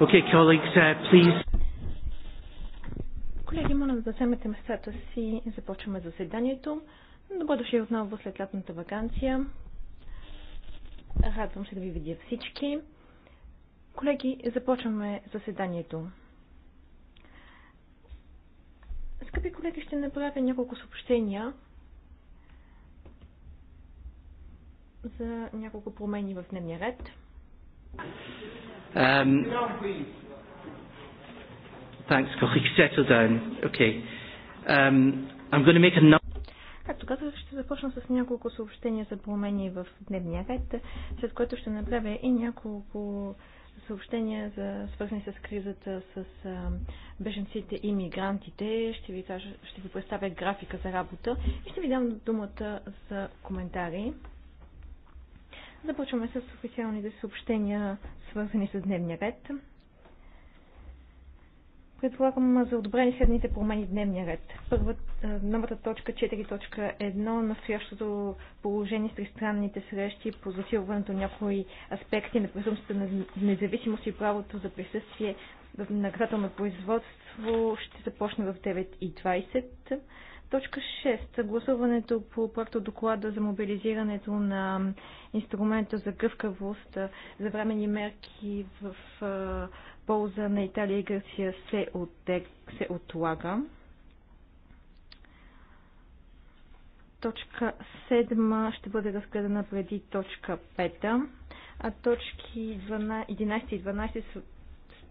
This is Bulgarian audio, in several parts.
Okay, colleagues, uh, please. Колеги, моля да заемете местата си. и Започваме заседанието. Добро дошли отново след лятната вакансия. Радвам се да ви видя всички. Колеги, започваме заседанието. Скъпи колеги, ще направя няколко съобщения за няколко промени в дневния ред. Um, thanks, colleague. Settle down. Okay. Um, I'm going to make a Както казах, ще започна с няколко съобщения за промени в дневния ред, след което ще направя и няколко съобщения, за, свързани с кризата с а, беженците и мигрантите. Ще ви, кажа, ще ви представя графика за работа и ще ви дам думата за коментари. Започваме с официалните съобщения, свързани с дневния ред. Предполагам за одобрение следните промени в дневния ред. Първа, е, новата точка 4.1, настоящото положение с тристранните срещи по засилването на някои аспекти на презумствата на независимост и правото за присъствие в наказателно производство ще започне в 9.20. Точка 6. Гласуването по проекто доклада за мобилизирането на инструмента за гъвкавост за времени мерки в полза на Италия и Гърция се, оттег... се отлага. Точка 7 ще бъде разгледана преди точка 5, а точки 12, 11 и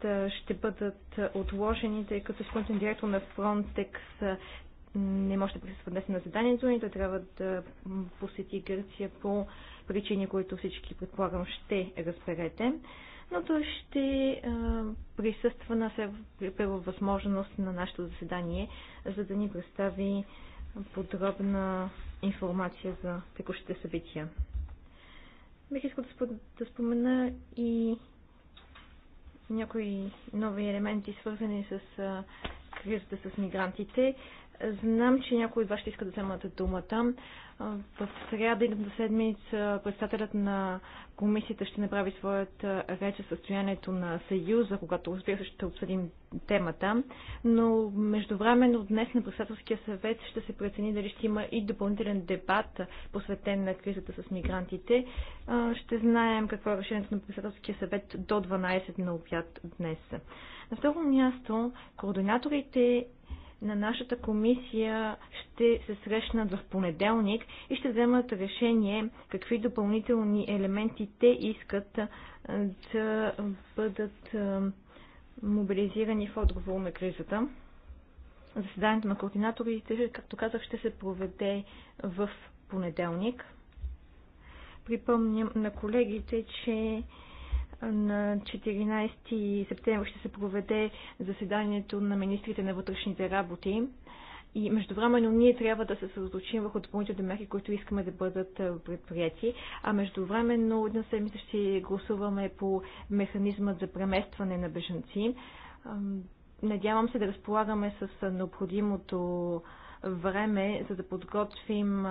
12 ще бъдат отложени, тъй като изпълнителен директор на Frontex не може да присъства днес на заданието ни. Той трябва да посети Гърция по причини, които всички предполагам ще разберете. Но той ще присъства на първа възможност на нашето заседание, за да ни представи подробна информация за текущите събития. Бих искал да спомена и някои нови елементи, свързани с кризата с мигрантите. Знам, че някои от вас ще искат да вземат думата. В среда идната седмица председателят на комисията ще направи своят реч за състоянието на Съюза, когато разбира се ще обсъдим темата. Но междувременно днес на председателския съвет ще се прецени дали ще има и допълнителен дебат, посветен на кризата с мигрантите. Ще знаем какво е решението на председателския съвет до 12 на обяд днес. На второ място, координаторите на нашата комисия ще се срещнат в понеделник и ще вземат решение какви допълнителни елементи те искат да бъдат мобилизирани в отговор на кризата. Заседанието на координаторите, както казах, ще се проведе в понеделник. Припомням на колегите, че на 14 септември ще се проведе заседанието на министрите на вътрешните работи. И междувременно ние трябва да се съсредоточим върху допълнителните мерки, които искаме да бъдат предприяти. А междувременно една седмица ще гласуваме по механизма за преместване на бежанци. Надявам се да разполагаме с необходимото време, за да подготвим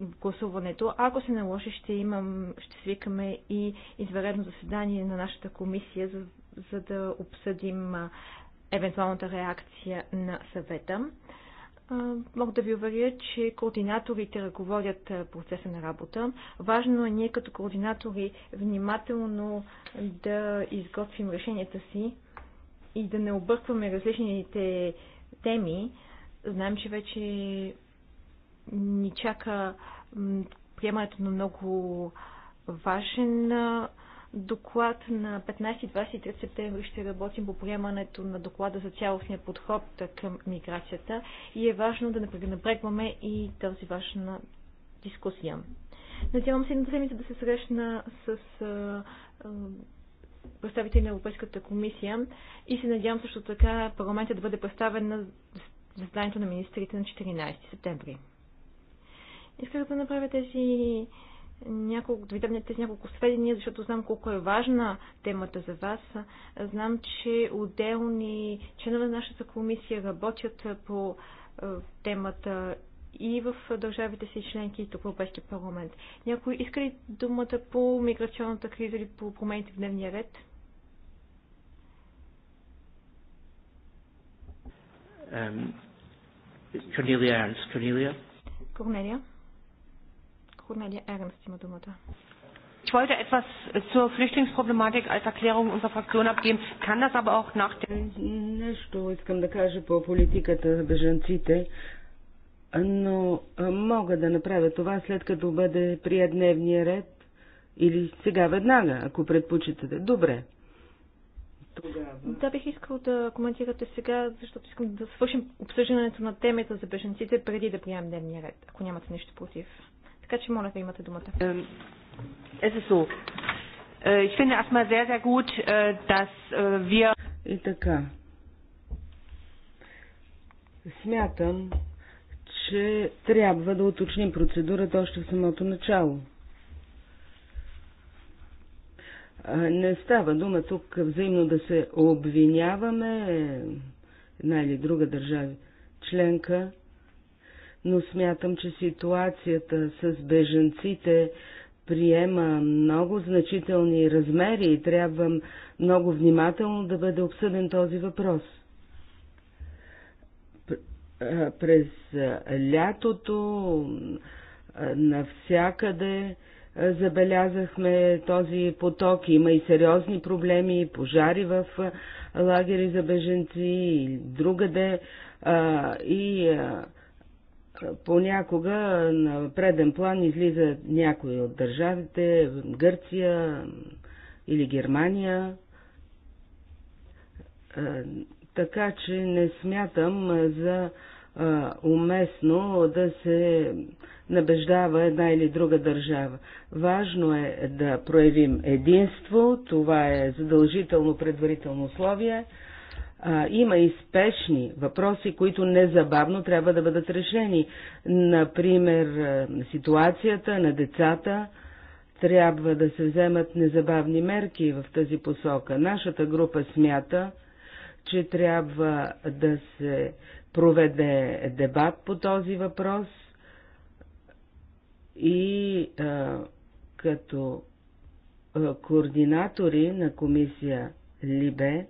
гласуването. Ако се наложи, ще, имам, ще свикаме и изваредно заседание на нашата комисия, за, за да обсъдим евентуалната реакция на съвета. Мога да ви уверя, че координаторите ръководят процеса на работа. Важно е ние като координатори внимателно да изготвим решенията си и да не объркваме различните теми. Знаем, че вече ни чака приемането на много важен доклад. На 15-23 септември ще работим по приемането на доклада за цялостния подход към миграцията и е важно да не пренебрегваме и тази важна дискусия. Надявам се на седмица да се срещна с а, а, представители на Европейската комисия и се надявам също така парламентът да бъде представен на заседанието на министрите на 14 септември. Исках да направя тези няколко, да ви дам тези няколко сведения, защото знам колко е важна темата за вас. Знам, че отделни членове на нашата комисия работят по е, темата и в държавите си членки и тук в Европейския парламент. Някой иска ли думата по миграционната криза или по промените в дневния ред? Um, Cornelia Ernst. Cornelia? Корнелия. Cornelia Ernst има думата. Ich wollte etwas zur Flüchtlingsproblematik als Erklärung unserer Fraktion abgeben, kann das aber auch nach dem... Нещо искам да кажа по политиката за бежанците, но мога да направя това след като бъде прият дневния ред или сега веднага, ако предпочитате. Добре. Тогава... Да, бих искал да коментирате сега, защото искам да свършим обсъждането на темата за бежанците преди да приемем дневния ред, ако нямате нещо против. Така че моля да имате думата. И така. Смятам, че трябва да уточним процедурата още в самото начало. Не става дума тук взаимно да се обвиняваме е, една или друга държава членка но смятам, че ситуацията с беженците приема много значителни размери и трябва много внимателно да бъде обсъден този въпрос. През лятото навсякъде забелязахме този поток. Има и сериозни проблеми, пожари в лагери за беженци и другаде. И Понякога на преден план излиза някои от държавите, Гърция или Германия, така че не смятам за уместно да се набеждава една или друга държава. Важно е да проявим единство, това е задължително предварително условие а, има и спешни въпроси, които незабавно трябва да бъдат решени. Например, ситуацията на децата трябва да се вземат незабавни мерки в тази посока. Нашата група смята, че трябва да се проведе дебат по този въпрос и а, като а, координатори на комисия Либе,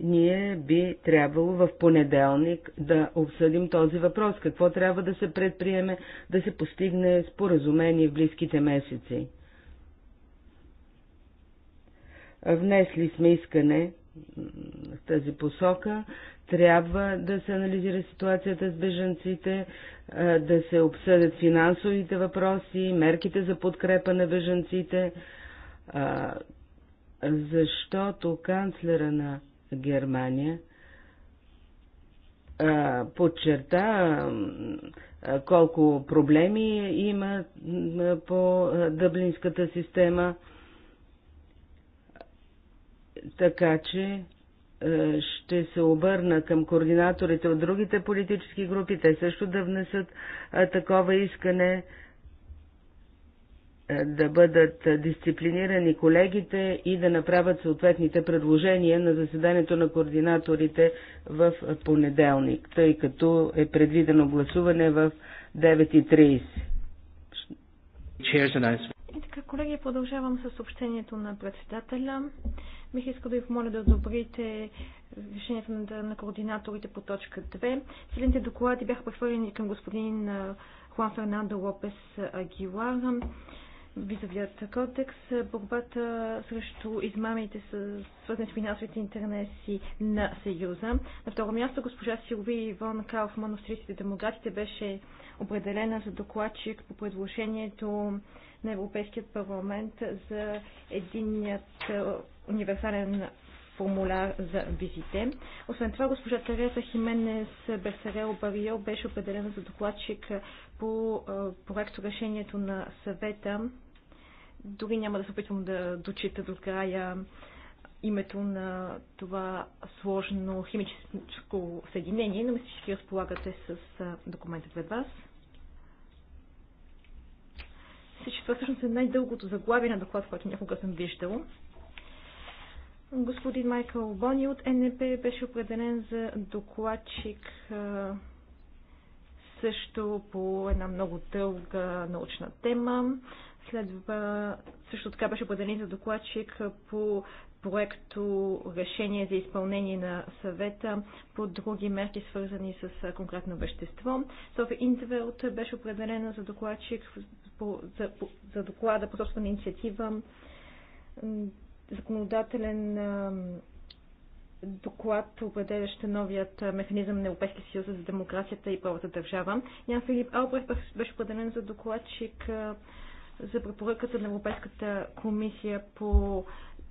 ние би трябвало в понеделник да обсъдим този въпрос. Какво трябва да се предприеме, да се постигне споразумение в близките месеци? Внесли сме искане в тази посока. Трябва да се анализира ситуацията с бежанците, да се обсъдят финансовите въпроси, мерките за подкрепа на бежанците, защото канцлера на Германия подчерта колко проблеми има по дъблинската система, така че ще се обърна към координаторите от другите политически групи, те също да внесат такова искане е, да бъдат дисциплинирани колегите и да направят съответните предложения на заседанието на координаторите в понеделник, тъй като е предвидено гласуване в 9.30. И така, колеги, продължавам с съобщението на председателя. Бих искал да ви помоля да одобрите решението на, на координаторите по точка 2. Целите доклади бяха прехвърлени към господин Хуан Фернандо Лопес Агилар визовият кодекс, борбата срещу измамите с свързани с финансовите интереси на Съюза. На второ място госпожа Силви Ивон Кауфман, австрийските демократите, беше определена за докладчик по предложението на Европейският парламент за единният е, универсален формуляр за визите. Освен това, госпожа Тереза Хименес Берсарел Барио беше определена за докладчик по е, проекто решението на съвета дори няма да се опитвам да дочита до края името на това сложно химическо съединение, но мисля, че ще разполагате с документа пред вас. Мисля, че това всъщност е най-дългото заглавие на доклад, който някога съм виждала. Господин Майкъл Бони от НП беше определен за докладчик също по една много дълга научна тема. Следва също така беше поделен за докладчик по проекто решение за изпълнение на съвета по други мерки, свързани с конкретно вещество. Софи Интвелт беше определена за докладчик по, за, по, за доклада по собствена инициатива законодателен доклад, определящ новият механизъм на Европейския съюз за демокрацията и правата държава. Ян Филип Албрех беше определен за докладчик за препоръката на Европейската комисия по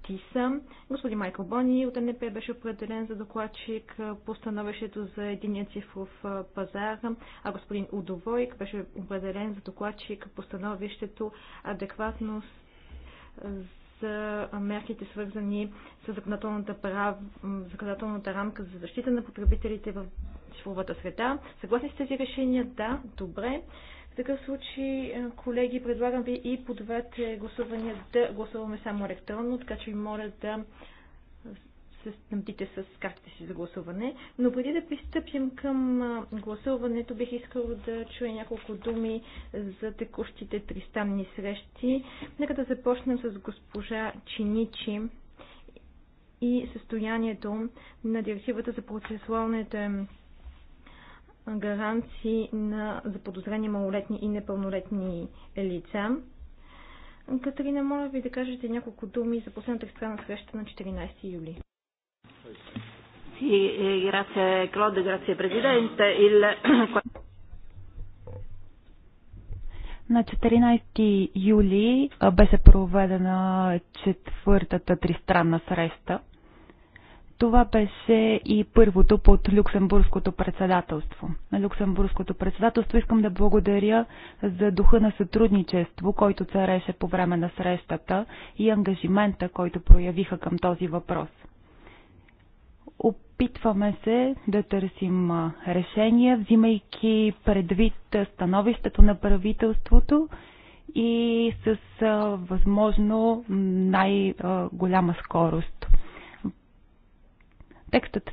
ТИСА. Господин Майкъл Бони от НП беше определен за докладчик по становището за единия цифров пазар, а господин Удовойк беше определен за докладчик по становището адекватност за мерките свързани с законодателната, прав... законодателната рамка за защита на потребителите в цифровата среда. Съгласни с тези решения? Да, добре такъв случай, е, колеги, предлагам ви и по двете гласувания да гласуваме само електронно, така че ви моля да се снабдите с картите си за гласуване. Но преди да пристъпим към гласуването, бих искала да чуя няколко думи за текущите тристанни срещи. Нека да започнем с госпожа Чиничи и състоянието на директивата за процесуалните гаранции на заподозрени малолетни и непълнолетни лица. Катерина, моля ви да кажете няколко думи за последната екстрана среща на 14 юли. Eh, на 14 юли беше проведена четвъртата тристранна среща това беше и първото под Люксембургското председателство. На Люксембургското председателство искам да благодаря за духа на сътрудничество, който цареше по време на срещата и ангажимента, който проявиха към този въпрос. Опитваме се да търсим решения, взимайки предвид становището на правителството и с възможно най-голяма скорост. Текстът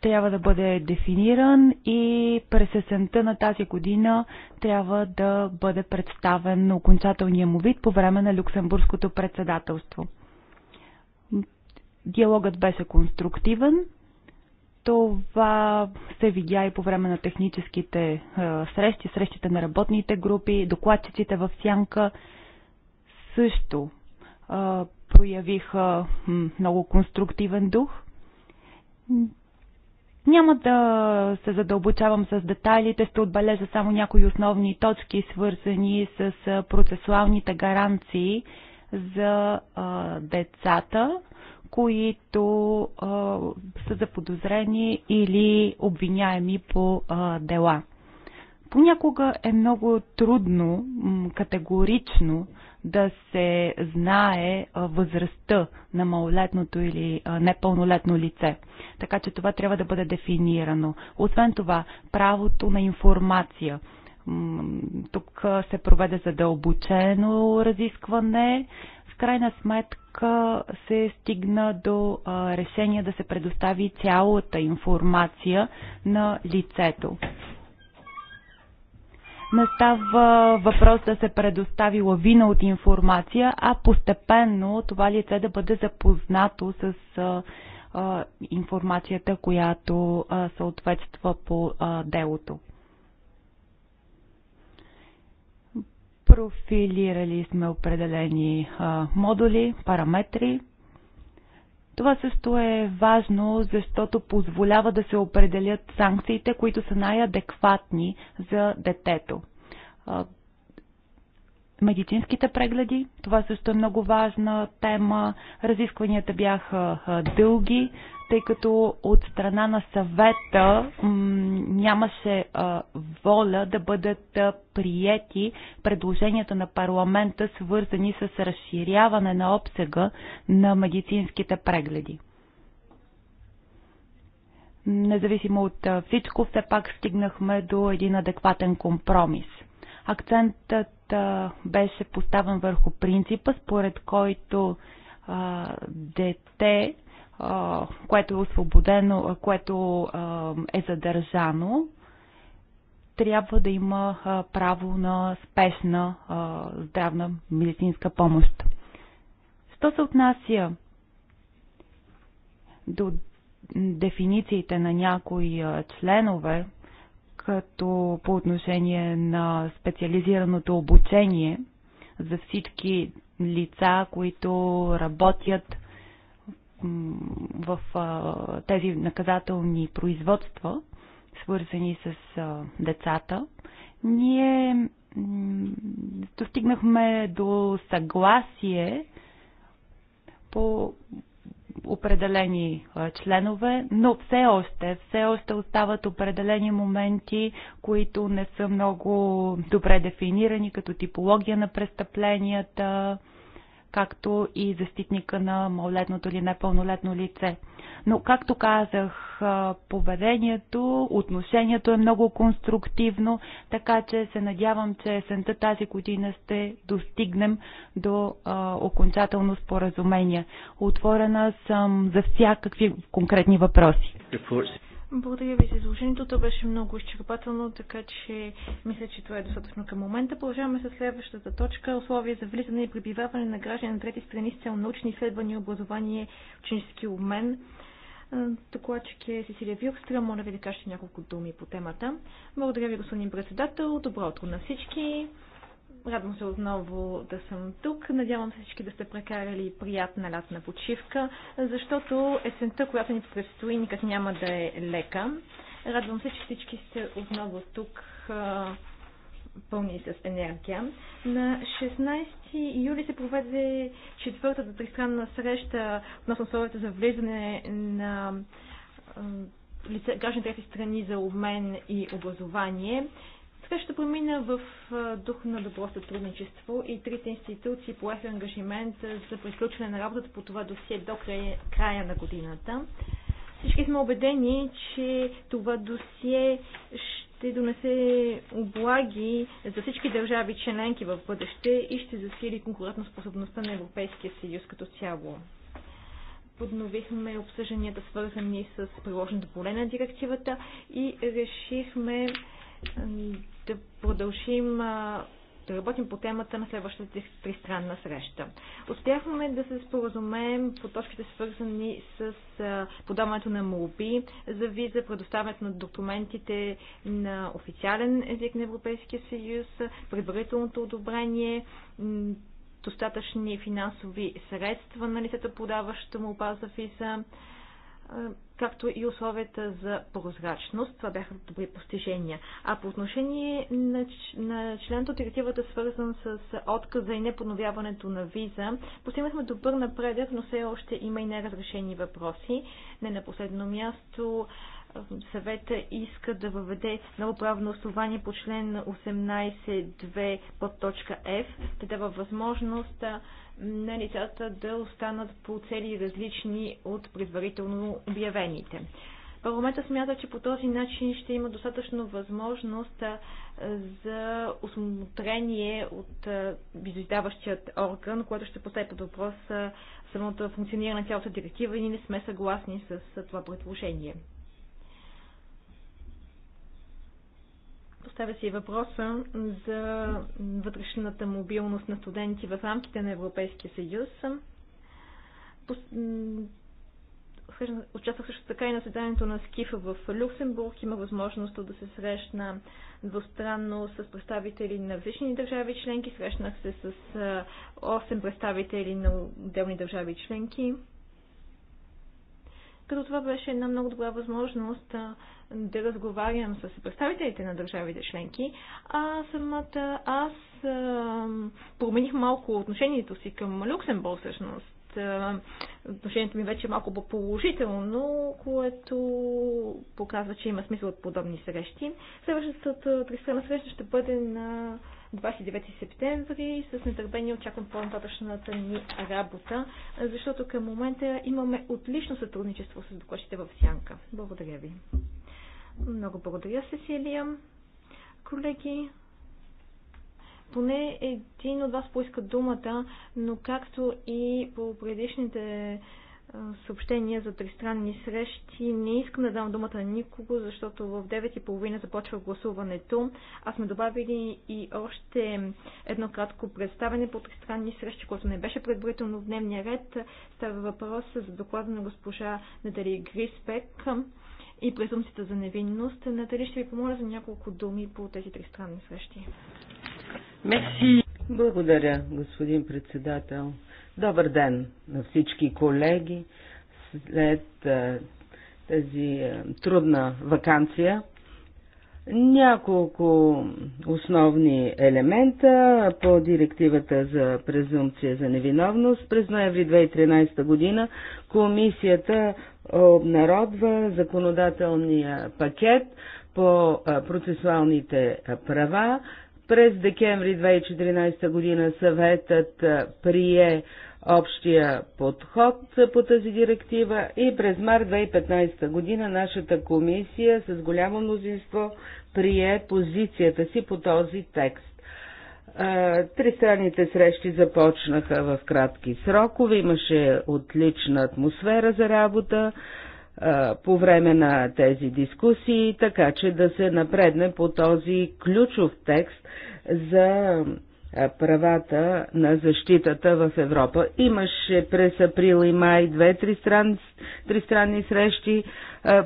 трябва да бъде дефиниран и през есента на тази година трябва да бъде представен окончателния му вид по време на Люксембургското председателство. Диалогът беше конструктивен. Това се видя и по време на техническите срещи, срещите на работните групи, докладчиците в сянка също проявиха много конструктивен дух. Няма да се задълбочавам с детайлите, ще отбележа само някои основни точки, свързани с процесуалните гаранции за а, децата, които а, са заподозрени или обвиняеми по а, дела. Понякога е много трудно категорично да се знае възрастта на малолетното или непълнолетно лице. Така че това трябва да бъде дефинирано. Освен това, правото на информация. Тук се проведе задълбочено разискване. В крайна сметка се стигна до решение да се предостави цялата информация на лицето не става въпрос да се предостави лавина от информация, а постепенно това лице да бъде запознато с информацията, която съответства по делото. Профилирали сме определени модули, параметри, това също е важно, защото позволява да се определят санкциите, които са най-адекватни за детето. Медицинските прегледи, това също е много важна тема. Разискванията бяха дълги, тъй като от страна на съвета нямаше а, воля да бъдат а, приети предложенията на парламента, свързани с разширяване на обсега на медицинските прегледи. Независимо от а, всичко, все пак стигнахме до един адекватен компромис. Акцентът а, беше поставен върху принципа, според който а, дете което е освободено, което е задържано, трябва да има право на спешна здравна медицинска помощ. Що се отнася до дефинициите на някои членове, като по отношение на специализираното обучение за всички лица, които работят в тези наказателни производства, свързани с децата, ние достигнахме до съгласие по определени членове, но все още, все още остават определени моменти, които не са много добре дефинирани, като типология на престъпленията, както и защитника на малолетното или непълнолетно лице. Но, както казах, поведението, отношението е много конструктивно, така че се надявам, че есента тази година ще достигнем до а, окончателно споразумение. Отворена съм за всякакви конкретни въпроси. Благодаря ви за изложението. То беше много изчерпателно, така че мисля, че това е достатъчно към момента. Продължаваме с следващата точка. Условия за влизане и пребиваване на граждани на трети страни с цел научни изследвания, образование, ученически обмен. Докладчик е Сесилия Вилкстра. Моля ви да кажете няколко думи по темата. Благодаря ви, господин председател. Добро утро на всички. Радвам се отново да съм тук. Надявам се всички да сте прекарали приятна лятна почивка, защото есента, която ни предстои, никак няма да е лека. Радвам се, че всички сте отново тук пълни с енергия. На 16 юли се проведе четвъртата тристранна среща относно условията за влизане на граждани трети страни за обмен и образование. Така ще премина в дух на добро сътрудничество и трите институции поеха ангажимент за приключване на работата по това досие до края на годината. Всички сме убедени, че това досие ще донесе облаги за всички държави членки в бъдеще и ще засили конкурентоспособността на Европейския съюз като цяло подновихме обсъжданията, свързани с приложеното поле на директивата и решихме да продължим да работим по темата на следващата тристранна среща. Успяхме да се споразумеем по точките свързани с подаването на молби за виза, предоставянето на документите на официален език на Европейския съюз, предварителното одобрение, достатъчни финансови средства на лицата, подаваща молба за виза, както и условията за прозрачност. Това бяха добри постижения. А по отношение на, на членто от директивата, свързан с отказа и неподновяването на виза, постигнахме добър напредък, но все още има и неразрешени въпроси. Не на последно място съвета иска да въведе ново правно основание по член 18.2 под точка F, да дава възможност на лицата да останат по цели различни от предварително обявените. Парламента смята, че по този начин ще има достатъчно възможност за осмотрение от визитаващият орган, което ще постави под въпрос самото функциониране на цялата директива и ние не сме съгласни с това предложение. Поставя си въпроса за вътрешната мобилност на студенти в рамките на Европейския съюз. Участвах също така и на съседанието на Скифа в Люксембург. Има възможност да се срещна двустранно с представители на различни държави членки. Срещнах се с 8 представители на отделни държави членки като това беше една много добра възможност да разговарям с представителите на държавите членки, а самата аз промених малко отношението си към Люксембург всъщност. Отношението ми вече е малко по-положително, което показва, че има смисъл от подобни срещи. Следващата тристранна среща ще бъде на 29 септември. С нетърпение очаквам по-нататъчната ни работа, защото към момента имаме отлично сътрудничество с докладчите в Сянка. Благодаря ви. Много благодаря, Сесилия. Колеги, поне един от вас поиска думата, но както и по предишните съобщения за тристранни срещи. Не искам да дам думата на никого, защото в 9.30 започва гласуването. Аз сме добавили и още едно кратко представене по тристранни срещи, което не беше предварително в дневния ред. Става въпрос за доклада на госпожа Натали Гриспек и презумцията за невинност. Натали, ще ви помоля за няколко думи по тези тристранни срещи. Мерси. Благодаря, господин председател. Добър ден на всички колеги. След тази трудна вакансия няколко основни елемента по директивата за презумпция за невиновност. През ноември 2013 година комисията обнародва законодателния пакет по процесуалните права през декември 2014 година съветът прие общия подход по тази директива и през март 2015 година нашата комисия с голямо мнозинство прие позицията си по този текст. Тристранните срещи започнаха в кратки срокове, имаше отлична атмосфера за работа, по време на тези дискусии, така че да се напредне по този ключов текст за правата на защитата в Европа. Имаше през април и май две тристранни, тристранни срещи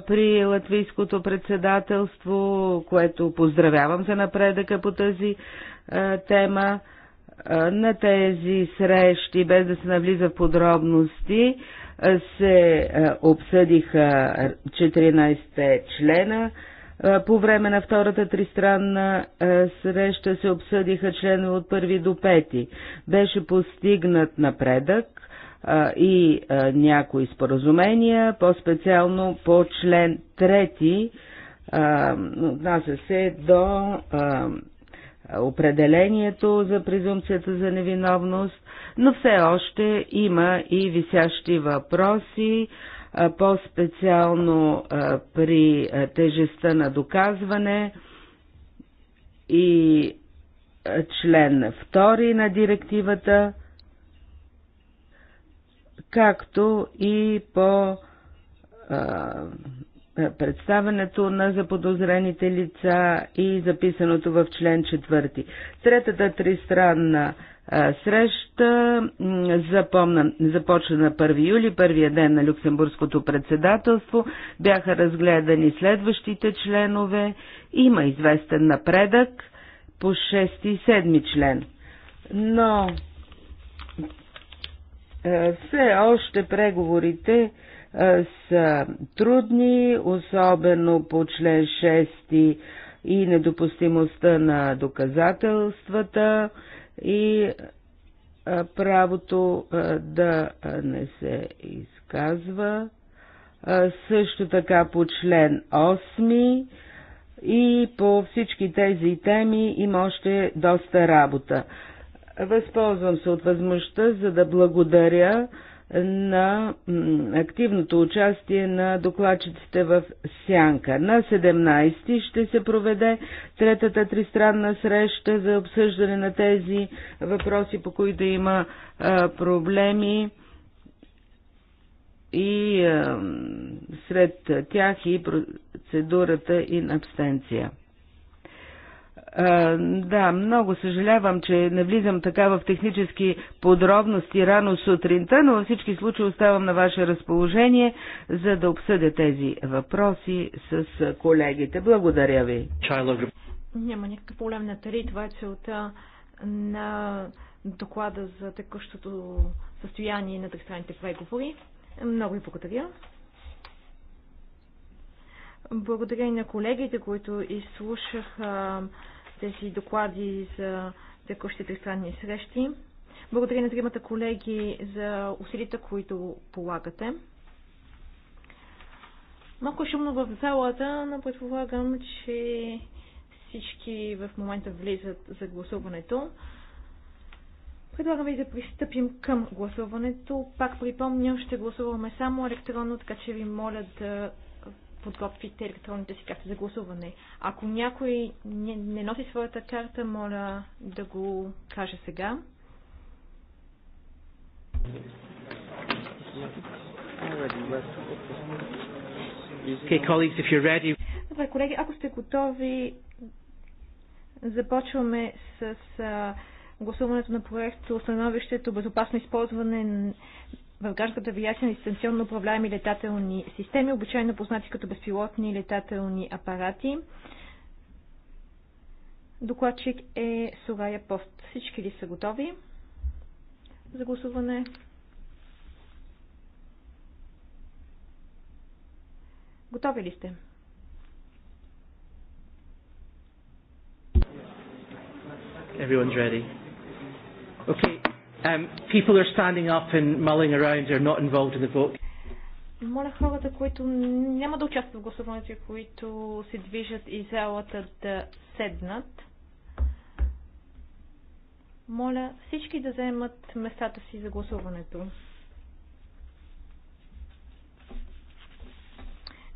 при латвийското председателство, което поздравявам за напредъка по тази тема. На тези срещи, без да се навлиза в подробности, се е, обсъдиха 14 члена. Е, по време на втората тристранна е, среща се обсъдиха членове от първи до пети. Беше постигнат напредък и някои споразумения, по-специално по член трети, отнася се до определението за презумпцията за невиновност, но все още има и висящи въпроси, по-специално при тежестта на доказване и член 2 на директивата, както и по представенето на заподозрените лица и записаното в член 4. Третата тристранна среща запомна, започна на 1 юли, първия ден на Люксембургското председателство. Бяха разгледани следващите членове. Има известен напредък по 6 и 7 член. Но все още преговорите е, са трудни, особено по член 6 и недопустимостта на доказателствата и е, правото е, да не се изказва. Също така по член 8 и по всички тези теми има още доста работа. Възползвам се от възможността, за да благодаря на активното участие на докладчиците в Сянка. На 17 ще се проведе третата тристранна среща за обсъждане на тези въпроси, по които има а, проблеми и а, сред тях и процедурата и абстенция. Да, много съжалявам, че не влизам така в технически подробности рано сутринта, но във всички случаи оставам на ваше разположение, за да обсъдя тези въпроси с колегите. Благодаря ви. Няма никакъв проблем на тари. Това е целта на доклада за текущото състояние на тристранните преговори. Много ви благодаря. Благодаря и на колегите, които изслушаха тези доклади за текущите странни срещи. Благодаря на тримата колеги за усилията, които полагате. Малко шумно в залата, но предполагам, че всички в момента влизат за гласуването. Предлагам ви да пристъпим към гласуването. Пак припомням, ще гласуваме само електронно, така че ви моля да подготвите електронните си карти за гласуване. Ако някой не, не носи своята карта, моля да го каже сега. Okay, colleagues, if you're ready. Добре, колеги, ако сте готови, започваме с гласуването на проекто становището безопасно използване в гражданската авиация на дистанционно управляеми летателни системи, обичайно познати като безпилотни летателни апарати. Докладчик е Сурая Пост. Всички ли са готови за гласуване? Готови ли сте? Everyone's ready. Okay, Um, people are standing up and mulling around are not involved in the vote. Моля хората, които няма да участват в гласуването и които се движат и залата да седнат. Моля всички да вземат местата си за гласуването.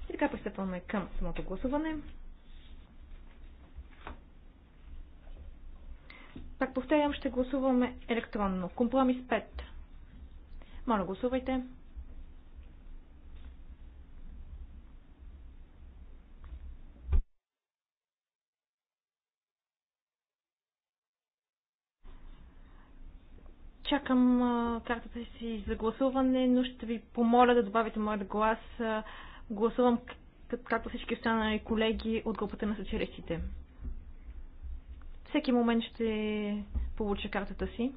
И така пристъпваме към самото гласуване. Пак повторям, ще гласуваме електронно. Компромис 5. Моля, гласувайте. чакам а, картата си за гласуване, но ще ви помоля да добавите моят глас. А, гласувам както всички останали колеги от групата на социалистите. Всеки момент ще получа картата си.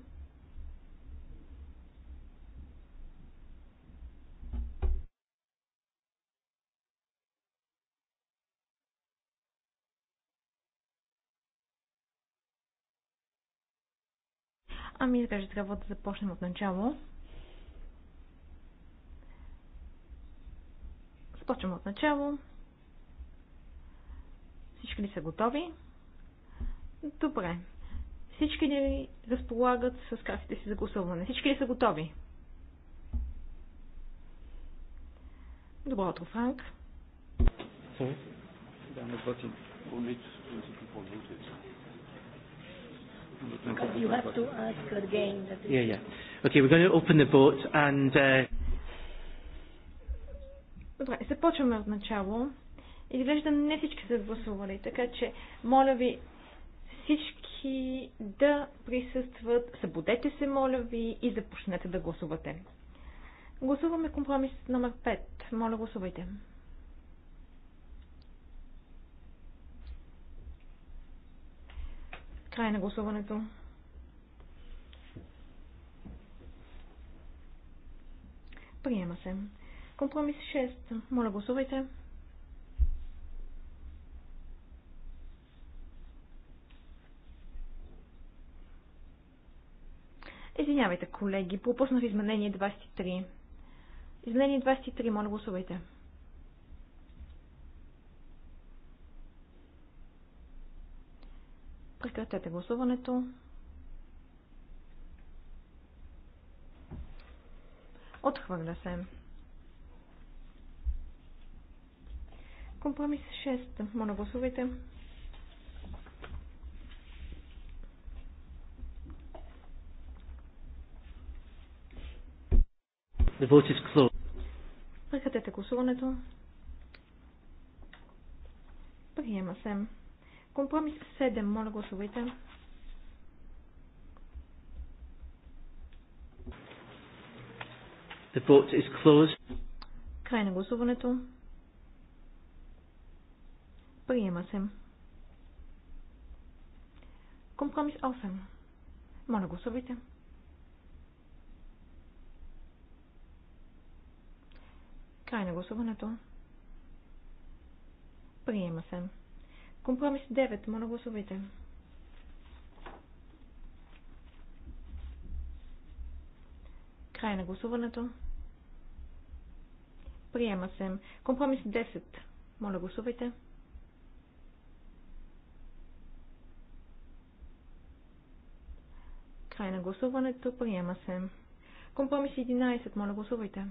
Ами, изглежда трябва да започнем от начало. Започваме от начало. Всички ли са готови? Добре. Всички ли разполагат с картите си за гласуване? Всички ли са готови? Добро утро, Франк. Uh, Добре, започваме от начало. Изглежда не всички са гласували, така че моля ви всички да присъстват. Събудете се, моля ви, и започнете да гласувате. Гласуваме компромис номер 5. Моля, гласувайте. Край на гласуването. Приема се. Компромис 6. Моля, гласувайте. Извинявайте, колеги, пропуснах изменение 23. Изменение 23, моля гласувайте. Прекратете гласуването. Отхвърля се. Компромис 6. Моля гласувайте. The vote Прекратете гласуването. Приема се. Компромис 7. Моля гласувайте. The vote is closed. Край на гласуването. Приема се. Компромис 8. Моля гласувайте. Край на гласуването. Приема се. Компромис 9. Моля гласувайте. Край на гласуването. Приема се. Компромис 10. Моля гласувайте. Край на гласуването. Приема се. Компромис 11. Моля гласувайте.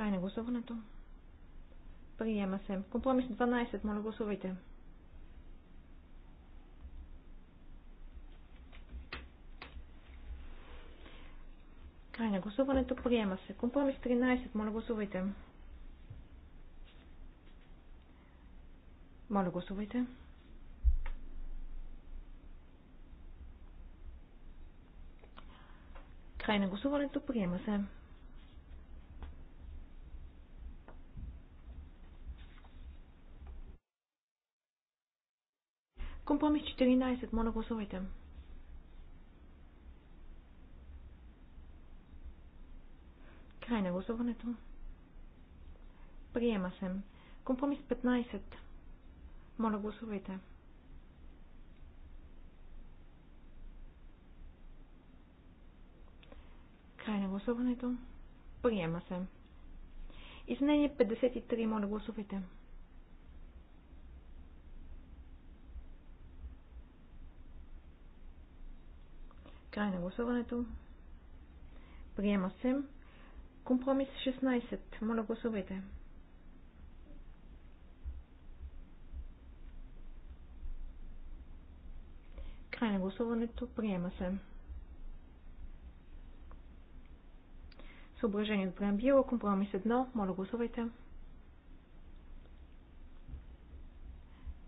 Край на гласуването. Приема се. Компромис 12. Моля гласувайте. Край на гласуването. Приема се. Компромис 13. Моля гласувайте. Моля гласувайте. Край на гласуването. Приема се. Компромис 14. Моля, гласувайте. Край на гласуването. Приема се. Компромис 15. Моля, гласувайте. Край на гласуването. Приема се. Изменение 53. Моля, гласувайте. Край на гласуването. Приема се. Компромис 16. Моля гласувайте. Край на гласуването. Приема се. Съображение от преамбила. Компромис 1. Моля гласувайте.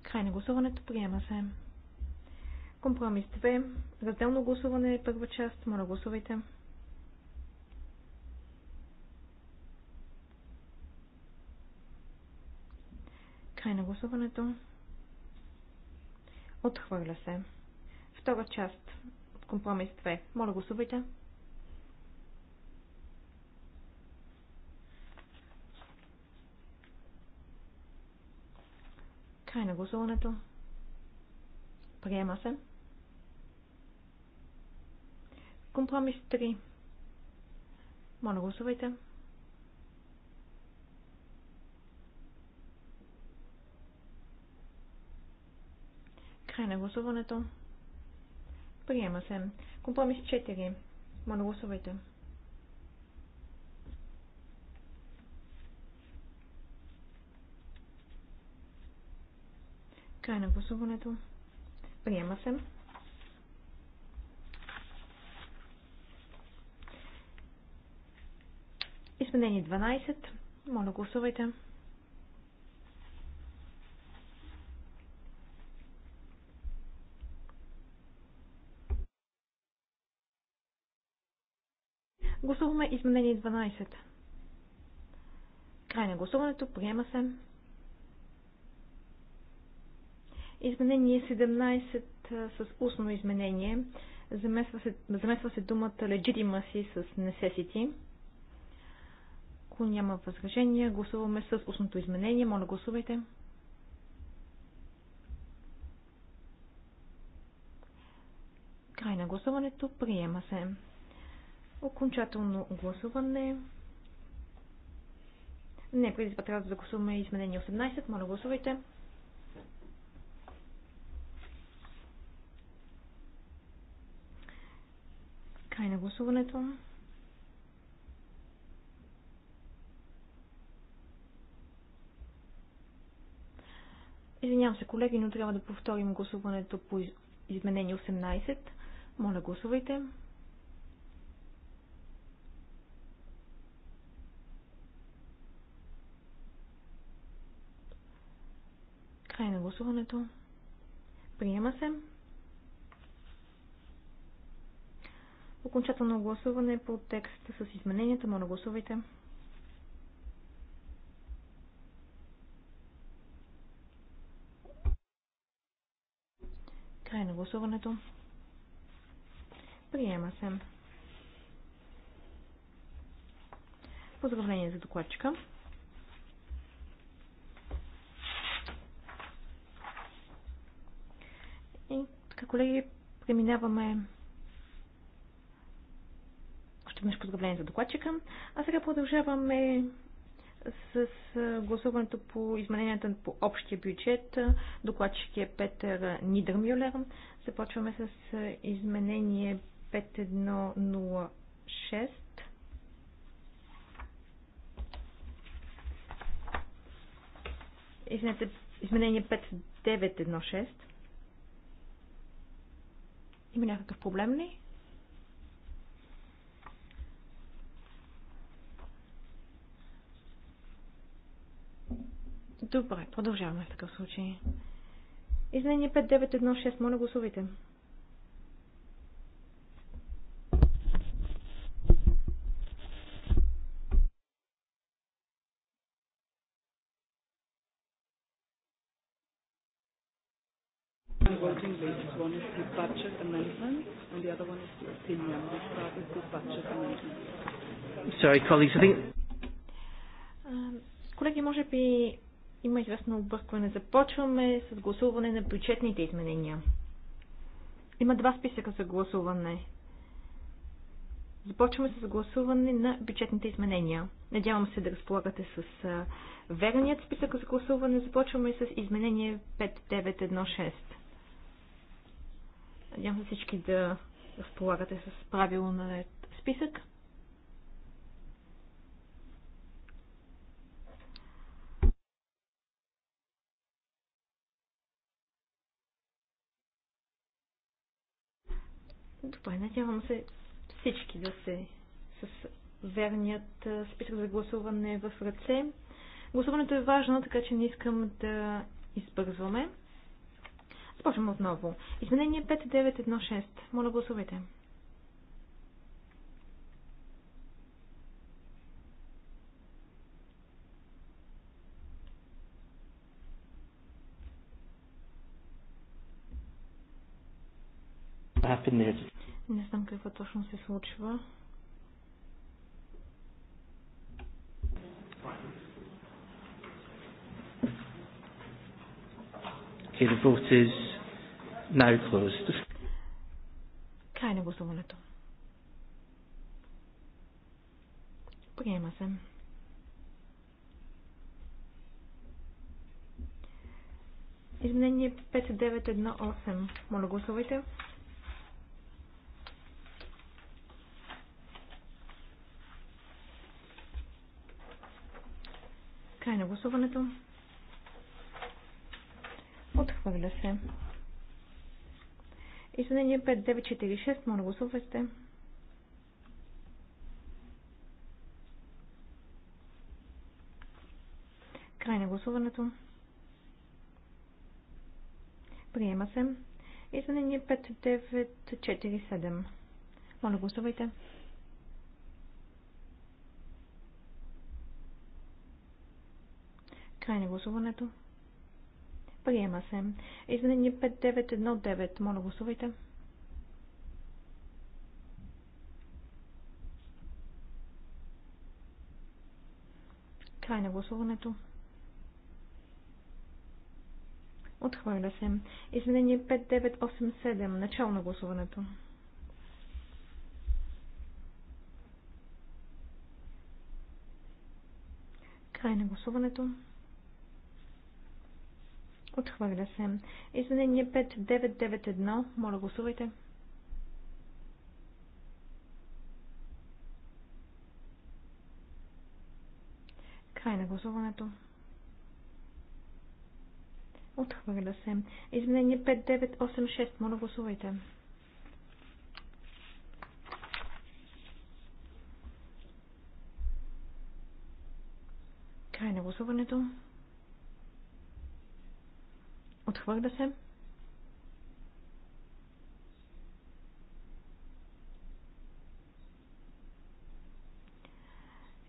Край на гласуването. Приема се. Компромис 2. Разделно гласуване е първа част. Моля гласувайте. Край на гласуването. Отхвърля се. Втора част. Компромис 2. Моля гласувайте. Край на гласуването. Приема се. Компромис 3. Моля, гласувайте. Край на гласуването. Приема се. Компромис 4. Моля, гласувайте. Край на гласуването. Приема се. Изменение 12. Моля, гласувайте. Гласуваме изменение 12. Край на гласуването. Приема се. Изменение 17 с устно изменение. Замесва се, замесва се думата legitimacy с necessity ако няма възражения, гласуваме с устното изменение. Моля, гласувайте. Край на гласуването. Приема се. Окончателно гласуване. Не, преди това трябва да гласуваме изменение 18. Моля, гласувайте. Край на гласуването. Извинявам се, колеги, но трябва да повторим гласуването по изменение 18. Моля, гласувайте. Край на гласуването. Приема се. Окончателно гласуване по текста с измененията. Моля, гласувайте. Край на гласуването. Приема се. Поздравление за докладчика. И така, колеги, преминаваме още веднъж поздравление за докладчика. А сега продължаваме с гласуването по измененията по общия бюджет. Докладчик е Петър Нидермюлер. Започваме с изменение 5106. Извинете, изменение 5916. Има някакъв проблем ли? Добре, продължаваме в такъв случай. Изменение 5916, моля гласувайте. working basis. One is the budget amendment, and the other one is the opinion. We start with the budget amendment. Sorry, colleagues, I think... Колеги, може би има известно объркване. Започваме с гласуване на бюджетните изменения. Има два списъка за гласуване. Започваме с гласуване на бюджетните изменения. Надявам се да разполагате с верният списък за гласуване. Започваме с изменение 5916. Надявам се всички да разполагате с правилният списък. Добре, надявам се всички да се с верният списък за гласуване е в ръце. Гласуването е важно, така че не искам да избързваме. Започваме отново. Изменение 5916. Моля гласувайте. happened there не знам какво точно се случва. Okay, the vote is now closed. Край на гласуването. Приема се. Изменение 5918. Моля гласувайте. Край на гласуването. Отхвърля се. Изменение 5946, моля гласувайте. Край на гласуването. Приема се. Изменение 5947. Моля гласувайте. Край на гласуването. Приема се. Изменение 5919. Моля, гласувайте. Край на гласуването. Отхвърля се. Изменение 5987. Начало на гласуването. Край на гласуването. Отхвърля се. Изменение 5991. Моля, гласувайте. Край на гласуването. Отхвърля се. Изменение 5986. Моля, гласувайте. Край на гласуването. Отхвърля се.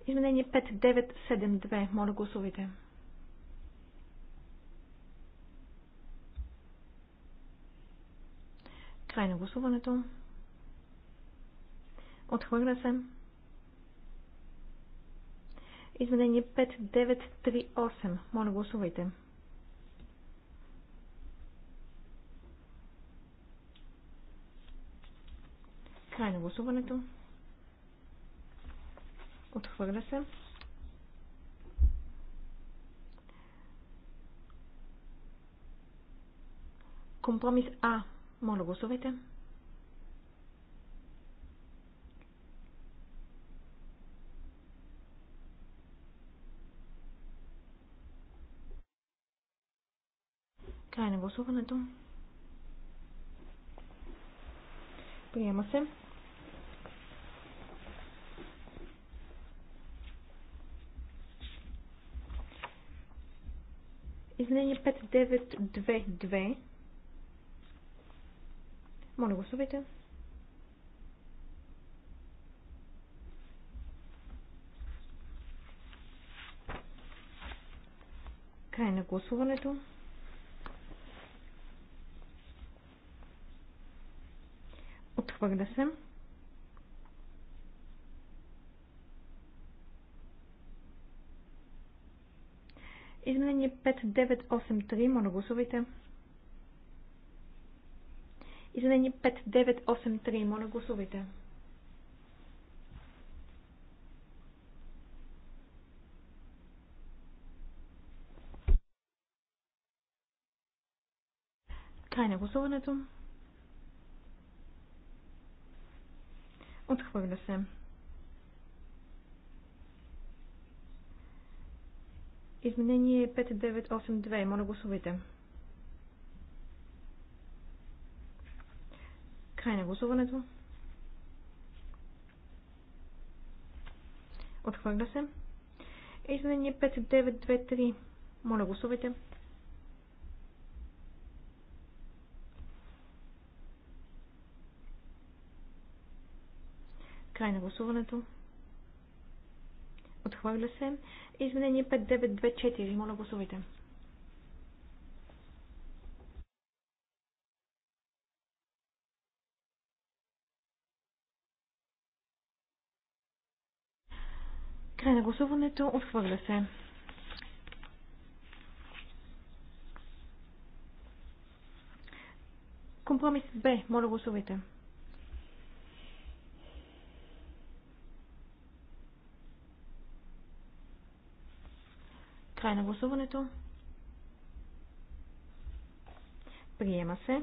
Изменение 5972. Моля гласувайте. Край на гласуването. Отхвърля се. Изменение 5938. Моля гласувайте. Край на гласуването. Отхвърля се. Компромис А. Моля, гласувайте. Край на гласуването. Приема се. Изменение 5922. Моля, гласувайте. Край на гласуването. Отхвърля се. Изменение 5983, моля гласувайте. Изменение 5983, моля гласувайте. Край на гласуването. Отхвърля се. Изменение 5982. Моля гласувайте. Край на гласуването. Отхвърля се. Изменение 5923. Моля гласувайте. Край на гласуването. Отхвърля се. Изменение 5924. Моля гласувайте. Край на гласуването. Отхвърля се. Компромис Б. Моля гласувайте. Край на гласуването. Приема се.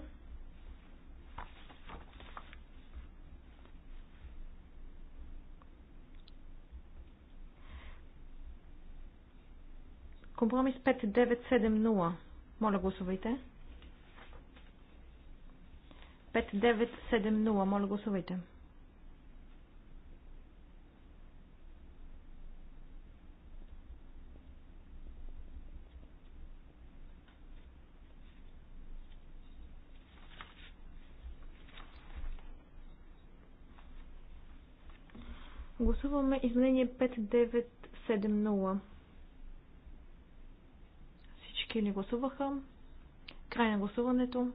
Компромис 5970. Моля гласувайте. 5970. Моля гласувайте. 5970. Гласуваме изменение 5970. Всички ли гласуваха? Край на гласуването.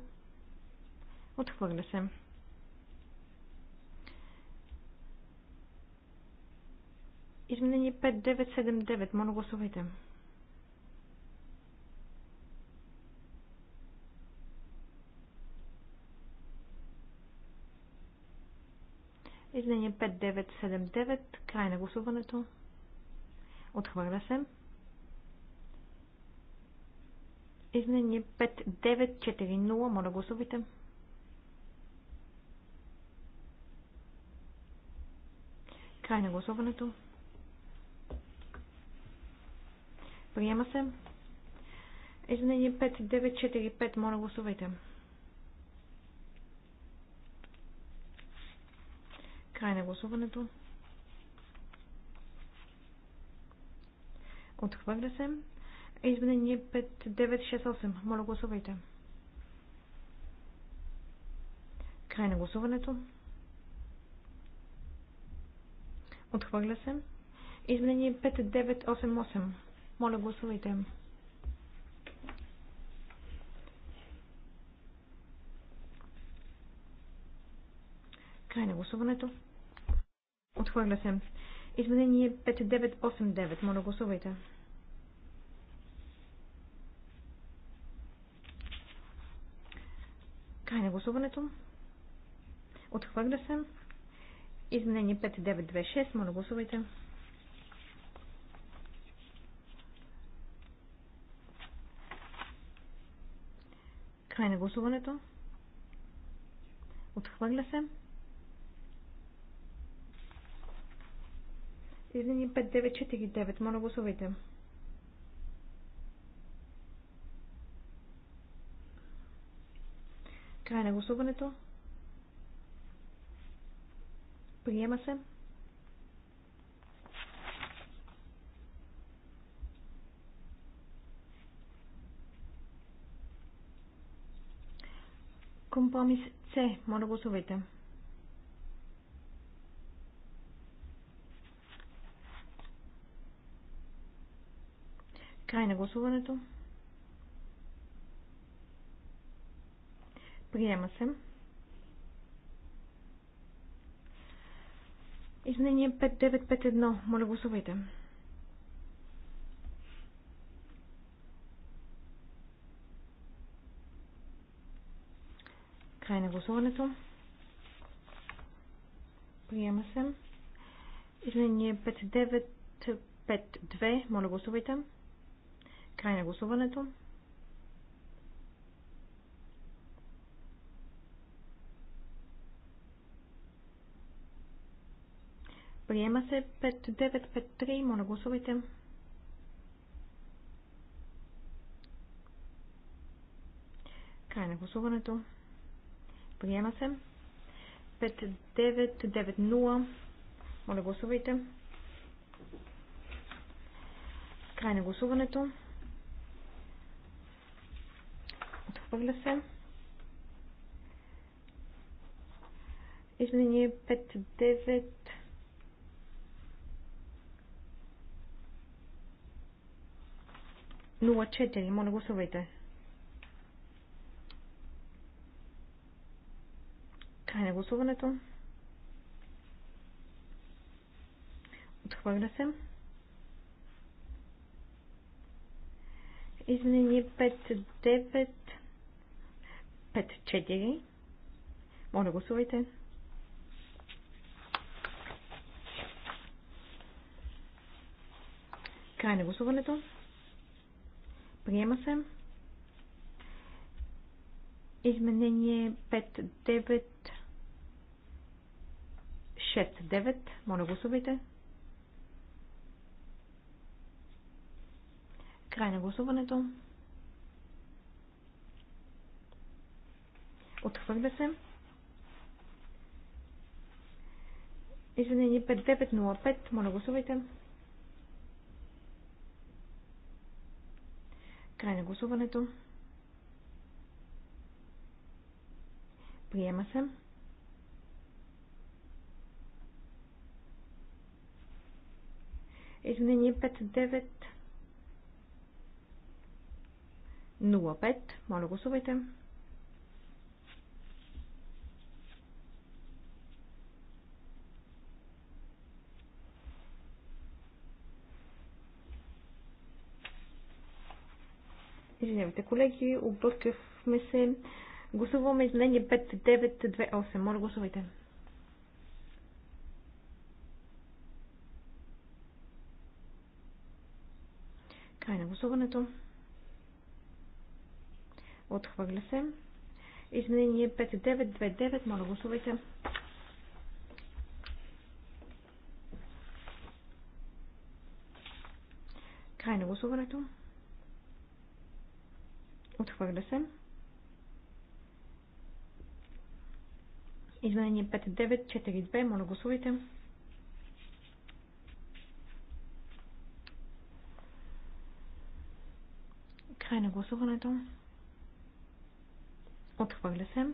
Отхвърля се. Изменение 5979. Моля гласувайте. 979. Край на гласуването. Отхвърля се. Изменение 5940. Моля гласувайте. Край на гласуването. Приема се. Изменение 5945. Моля гласувайте. Край на гласуването. Отхвърля се. Изменение 5968. Моля гласувайте. Край на гласуването. Отхвърля се. Изменение 5988. Моля гласувайте. Край на гласуването. Отхвърля се. Изменение 5989. Моля, гласувайте. Край на гласуването. Отхвърля се. Изменение 5926. Моля, гласувайте. Край на гласуването. Отхвърля се. Изменение 5949. Моля гласувайте. Край на гласуването. Приема се. Компромис С. Моля гласувайте. Да Край на гласуването. Приема се. Изменение 5951. Моля гласувайте. Край на гласуването. Приема се. Изменение 5952. Моля гласувайте. Край на гласуването. Приема се 5953. Моля, гласувайте. Край на гласуването. Приема се. 5990. Моля, гласувайте. Край на гласуването. Отхвърля се. Изменение 5-9. Нула четири. Моля, гласувайте. Край на гласуването. Отхвърля се. Изменение 5-9. 5-4. Моля, гласувайте. Край на гласуването. Приема се. Изменение 5-9. 6-9. Моля, гласувайте. Край на гласуването. Отхвърля се. Изменение 5905. Моля гласувайте. Край на гласуването. Приема се. Изменение 5905. Моля гласувайте. Извинявайте, колеги, объркахме се. Гласуваме изменение 5928. Моля, гласувайте. Край на гласуването. Отхвърля се. Изменение 5929. Моля, гласувайте. Край на гласуването. Отхвърля се. Изменение 5942. Моля гласувайте. Край на гласуването. Отхвърля се.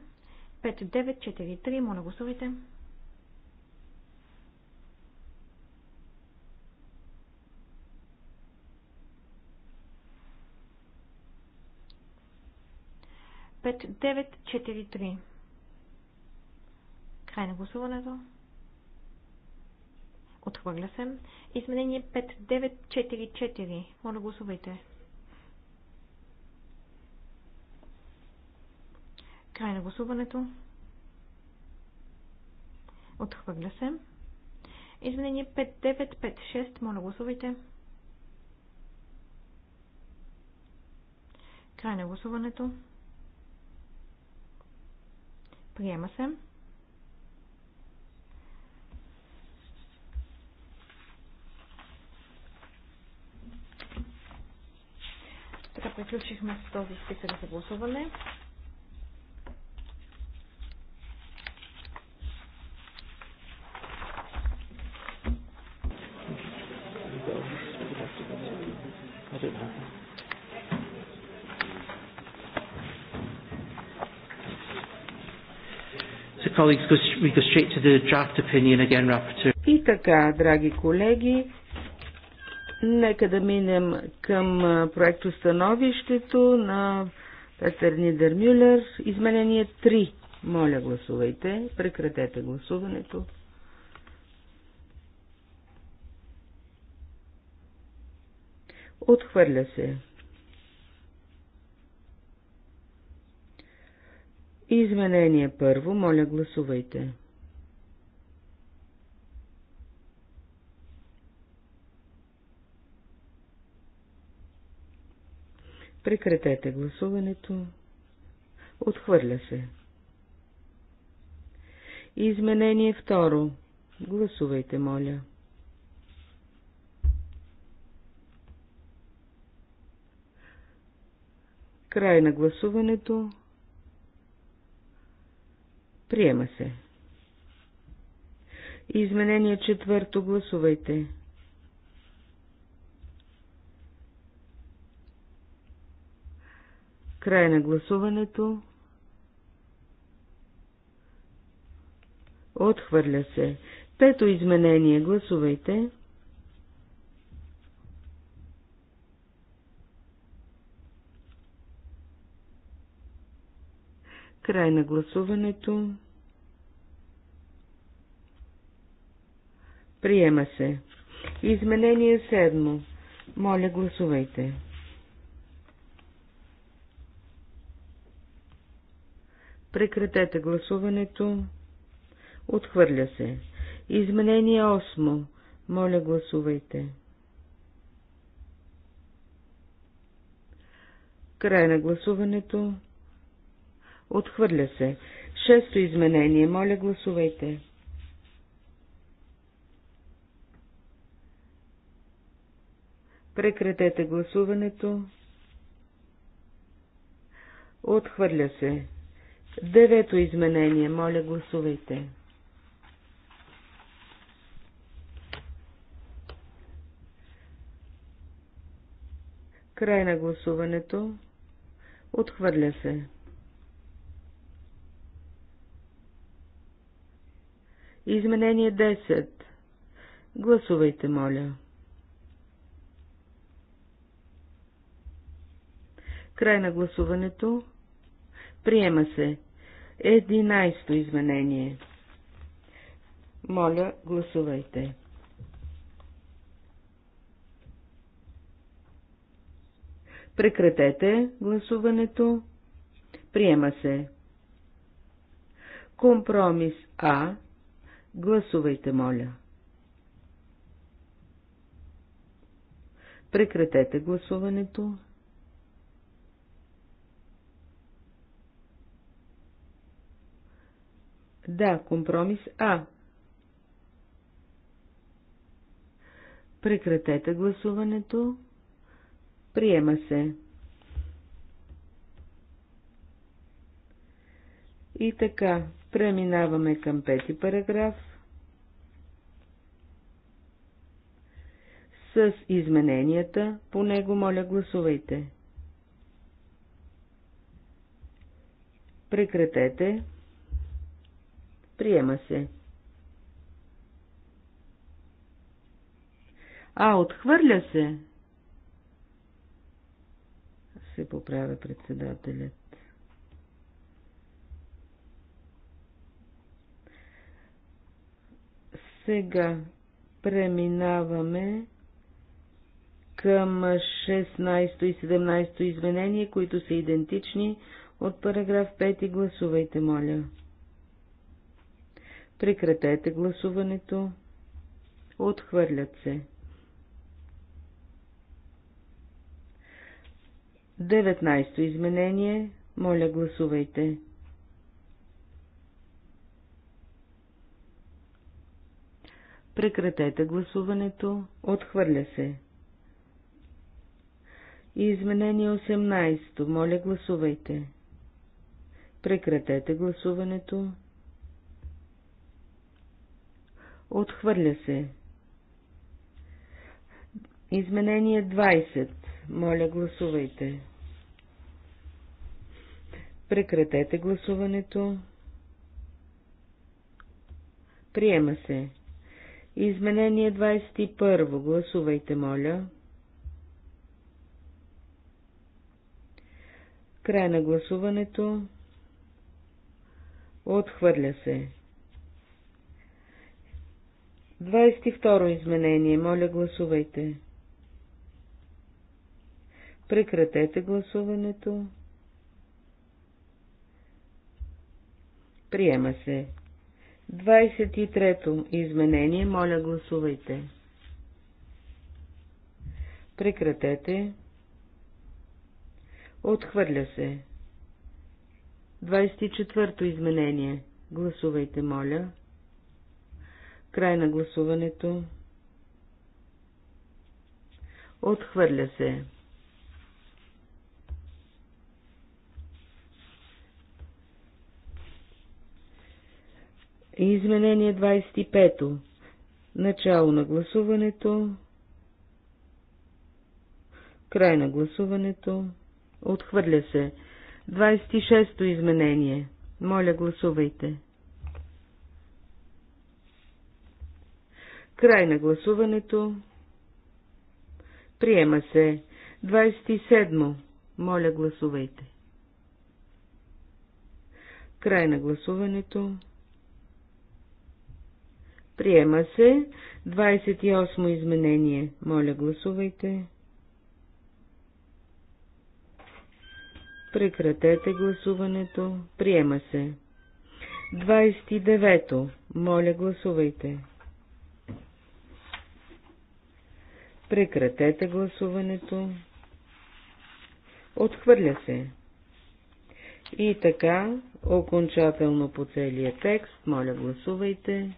5943. Моля гласувайте. 5943. Край на гласуването. Отхвърля се. Изменение 5944. Моля гласувайте. Край на гласуването. Отхвърля се. Изменение 5956. Моля гласувайте. Край на гласуването. Приема се. Така приключихме с този списък за гласуване. colleagues, we go straight to the draft opinion again, rapporteur. И така, драги колеги, нека да минем към проекто становището на Петър Нидермюлер. Изменение 3. Моля, гласувайте. Прекратете гласуването. Отхвърля се. Изменение първо, моля гласувайте. Прекратете гласуването. Отхвърля се. Изменение второ. Гласувайте, моля. Край на гласуването. Приема се. Изменение четвърто. Гласувайте. Край на гласуването. Отхвърля се. Пето изменение. Гласувайте. Край на гласуването. Приема се. Изменение 7. Моля, гласувайте. Прекратете гласуването. Отхвърля се. Изменение 8. Моля, гласувайте. Край на гласуването. Отхвърля се. Шесто изменение. Моля, гласувайте. Прекратете гласуването. Отхвърля се. Девето изменение. Моля, гласувайте. Край на гласуването. Отхвърля се. Изменение 10. Гласувайте, моля. Край на гласуването. Приема се. Единайсто изменение. Моля, гласувайте. Прекратете гласуването. Приема се. Компромис А Гласувайте, моля. Прекратете гласуването. Да, компромис А. Прекратете гласуването. Приема се. И така, преминаваме към пети параграф с измененията, по него моля гласувайте. Прекратете. Приема се. А, отхвърля се. Се поправя председателят. Сега преминаваме към 16 и 17 изменение, които са идентични от параграф 5. Гласувайте, моля. Прекратете гласуването. Отхвърлят се. 19 изменение. Моля, гласувайте. Прекратете гласуването. Отхвърля се. И изменение 18. Моля, гласувайте. Прекратете гласуването. Отхвърля се. Изменение 20. Моля, гласувайте. Прекратете гласуването. Приема се. Изменение 21. Гласувайте, моля. Край на гласуването. Отхвърля се. 22 изменение. Моля, гласувайте. Прекратете гласуването. Приема се. 23-то изменение, моля гласувайте. Прекратете. Отхвърля се. 24-то изменение. Гласувайте, моля. Край на гласуването. Отхвърля се. И изменение 25. Начало на гласуването. Край на гласуването. Отхвърля се. 26-то изменение. Моля, гласувайте. Край на гласуването. Приема се. 27. Моля, гласувайте. Край на гласуването. Приема се. 28 изменение. Моля, гласувайте. Прекратете гласуването. Приема се. 29. Моля, гласувайте. Прекратете гласуването. Отхвърля се. И така, окончателно по целия текст, моля гласувайте.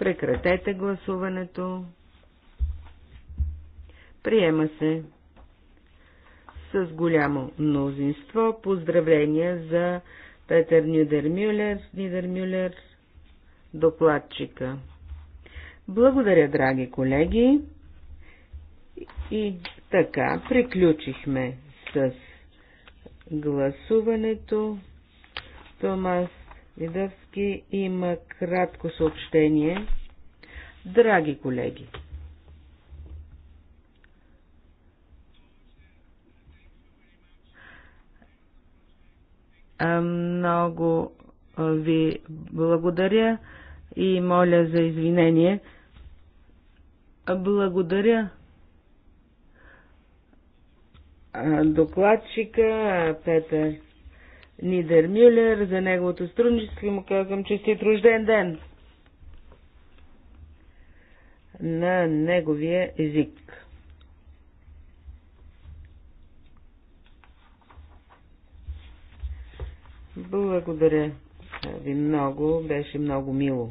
Прекратете гласуването. Приема се с голямо мнозинство. Поздравления за Петър Нидермюлер, Нидермюлер, докладчика. Благодаря, драги колеги. И така, приключихме с гласуването. Томас Лидовски има кратко съобщение. Драги колеги, много ви благодаря и моля за извинение. Благодаря докладчика Петър Нидер Мюлер за неговото сътрудничество и му казвам честит рожден ден на неговия език. Благодаря ви много, беше много мило.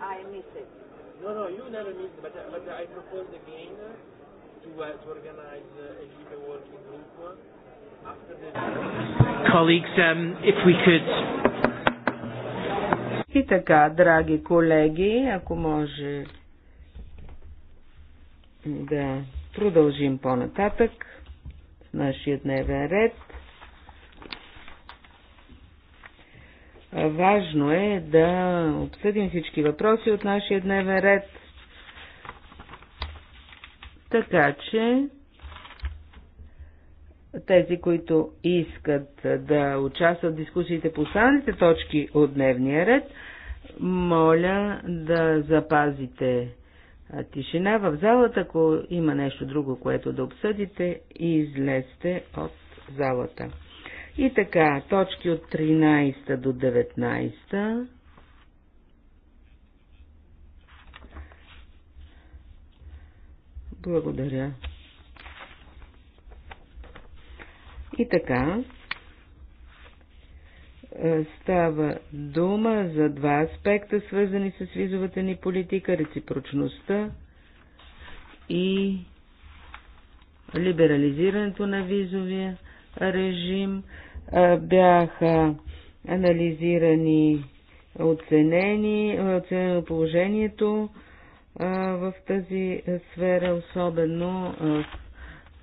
I miss it. No, no, you never miss it, but, uh, but I propose again to, uh, to organize uh, a Gibe working group after the... Colleagues, um, if we could... И така, драги колеги, ако може да продължим по-нататък с нашия дневен ред. важно е да обсъдим всички въпроси от нашия дневен ред. Така че тези, които искат да участват в дискусиите по останалите точки от дневния ред, моля да запазите тишина в залата. Ако има нещо друго, което да обсъдите, излезте от залата. И така, точки от 13 до 19. Благодаря. И така, е, става дума за два аспекта, свързани с визовата ни политика, реципрочността и либерализирането на визовия режим бяха анализирани, оценени, оценено положението в тази сфера, особено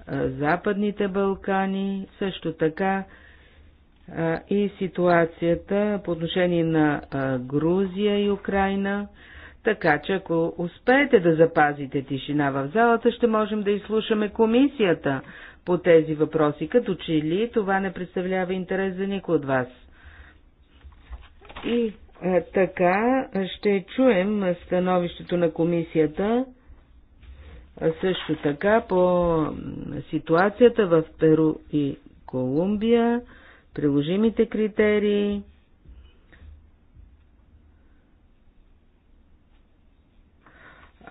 в Западните Балкани, също така и ситуацията по отношение на Грузия и Украина. Така че ако успеете да запазите тишина в залата, ще можем да изслушаме комисията по тези въпроси, като че ли това не представлява интерес за никой от вас. И а, така ще чуем становището на комисията също така по ситуацията в Перу и Колумбия, приложимите критерии.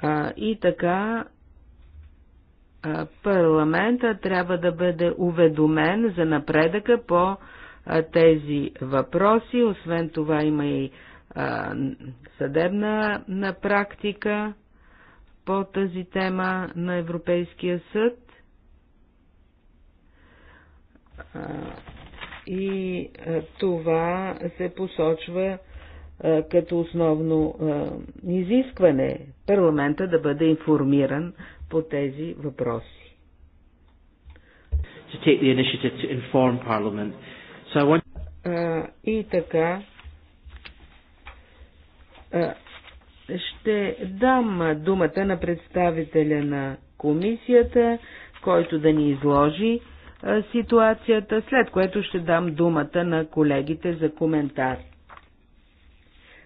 А, и така парламента трябва да бъде уведомен за напредъка по тези въпроси. Освен това има и съдебна на практика по тази тема на Европейския съд. И това се посочва като основно изискване парламента да бъде информиран по тези въпроси. So want... а, и така, а, ще дам думата на представителя на комисията, който да ни изложи а, ситуацията, след което ще дам думата на колегите за коментар.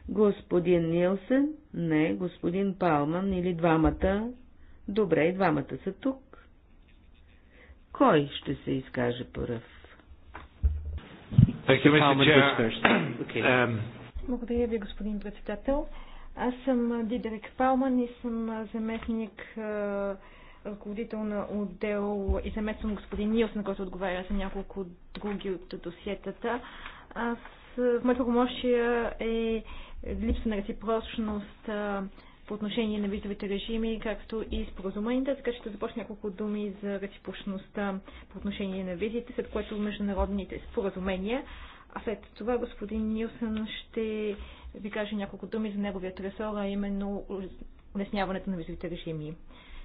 Господин Нилсен? Не, господин Палман или двамата Добре, и двамата са тук. Кой ще се изкаже пръв? Um, um, Благодаря ви, господин председател. Аз съм Дидерик Палман и съм заместник ръководител на отдел и замествам господин Нилс, на който отговаря за няколко други от досиетата. Аз в моето помощие е липса на реципрочност по отношение на визовите режими, както и споразуменията, така че ще започна няколко думи за реципрочността по отношение на визите, след което международните споразумения. А след това господин Нилсън ще ви каже няколко думи за неговия ресор, а именно улесняването на визовите режими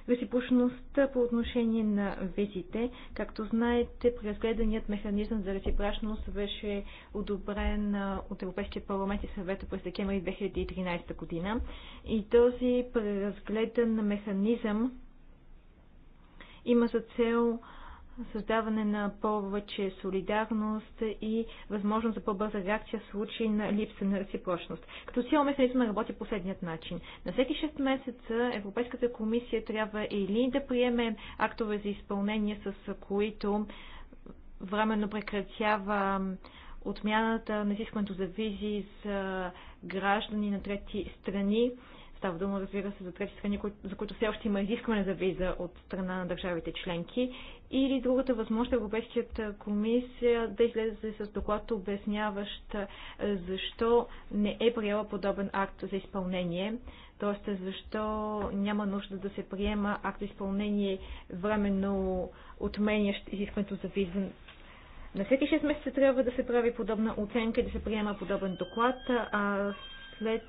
реципрочността по отношение на визите. Както знаете, преразгледаният механизъм за реципрочност беше одобрен от Европейския парламент и съвета през декември 2013 година. И този преразгледан механизъм има за цел създаване на повече солидарност и възможност за по-бърза реакция в случай на липса на реципрочност. Като цяло механизма работи последният начин. На всеки 6 месеца Европейската комисия трябва или да приеме актове за изпълнение, с които временно прекратява отмяната на изискването за визи за граждани на трети страни Става дума, разбира се, за трети страни, за които все още има изискване за виза от страна на държавите членки. Или другата възможност Европейският комисия да излезе с доклад, обясняващ защо не е приела подобен акт за изпълнение. Тоест, защо няма нужда да се приема акт за изпълнение временно отменящ изискването за виза на всеки 6 месеца трябва да се прави подобна оценка и да се приема подобен доклад, а след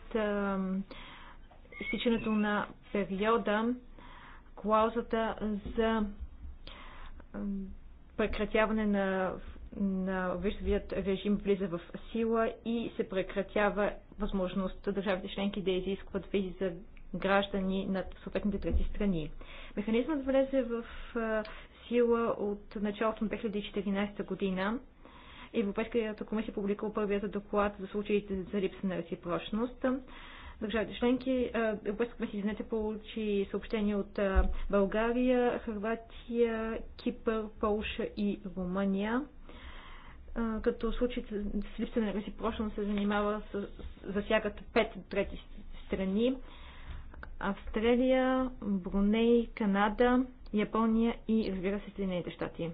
изтичането на периода клаузата за прекратяване на, на визовият режим влиза в сила и се прекратява възможността държавите членки да изискват визи за граждани на съответните трети страни. Механизмът влезе в сила от началото на 2014 година. Европейската комисия публикува първият доклад за случаите за липса на реципрочност държавите членки. Европейска комисия, извинете, получи съобщения от България, Хрватия, Кипър, Полша и Румъния като случай с липса на реципрочност се занимава с, засягат пет трети страни. Австралия, Бруней, Канада, Япония и разбира се Съединените щати.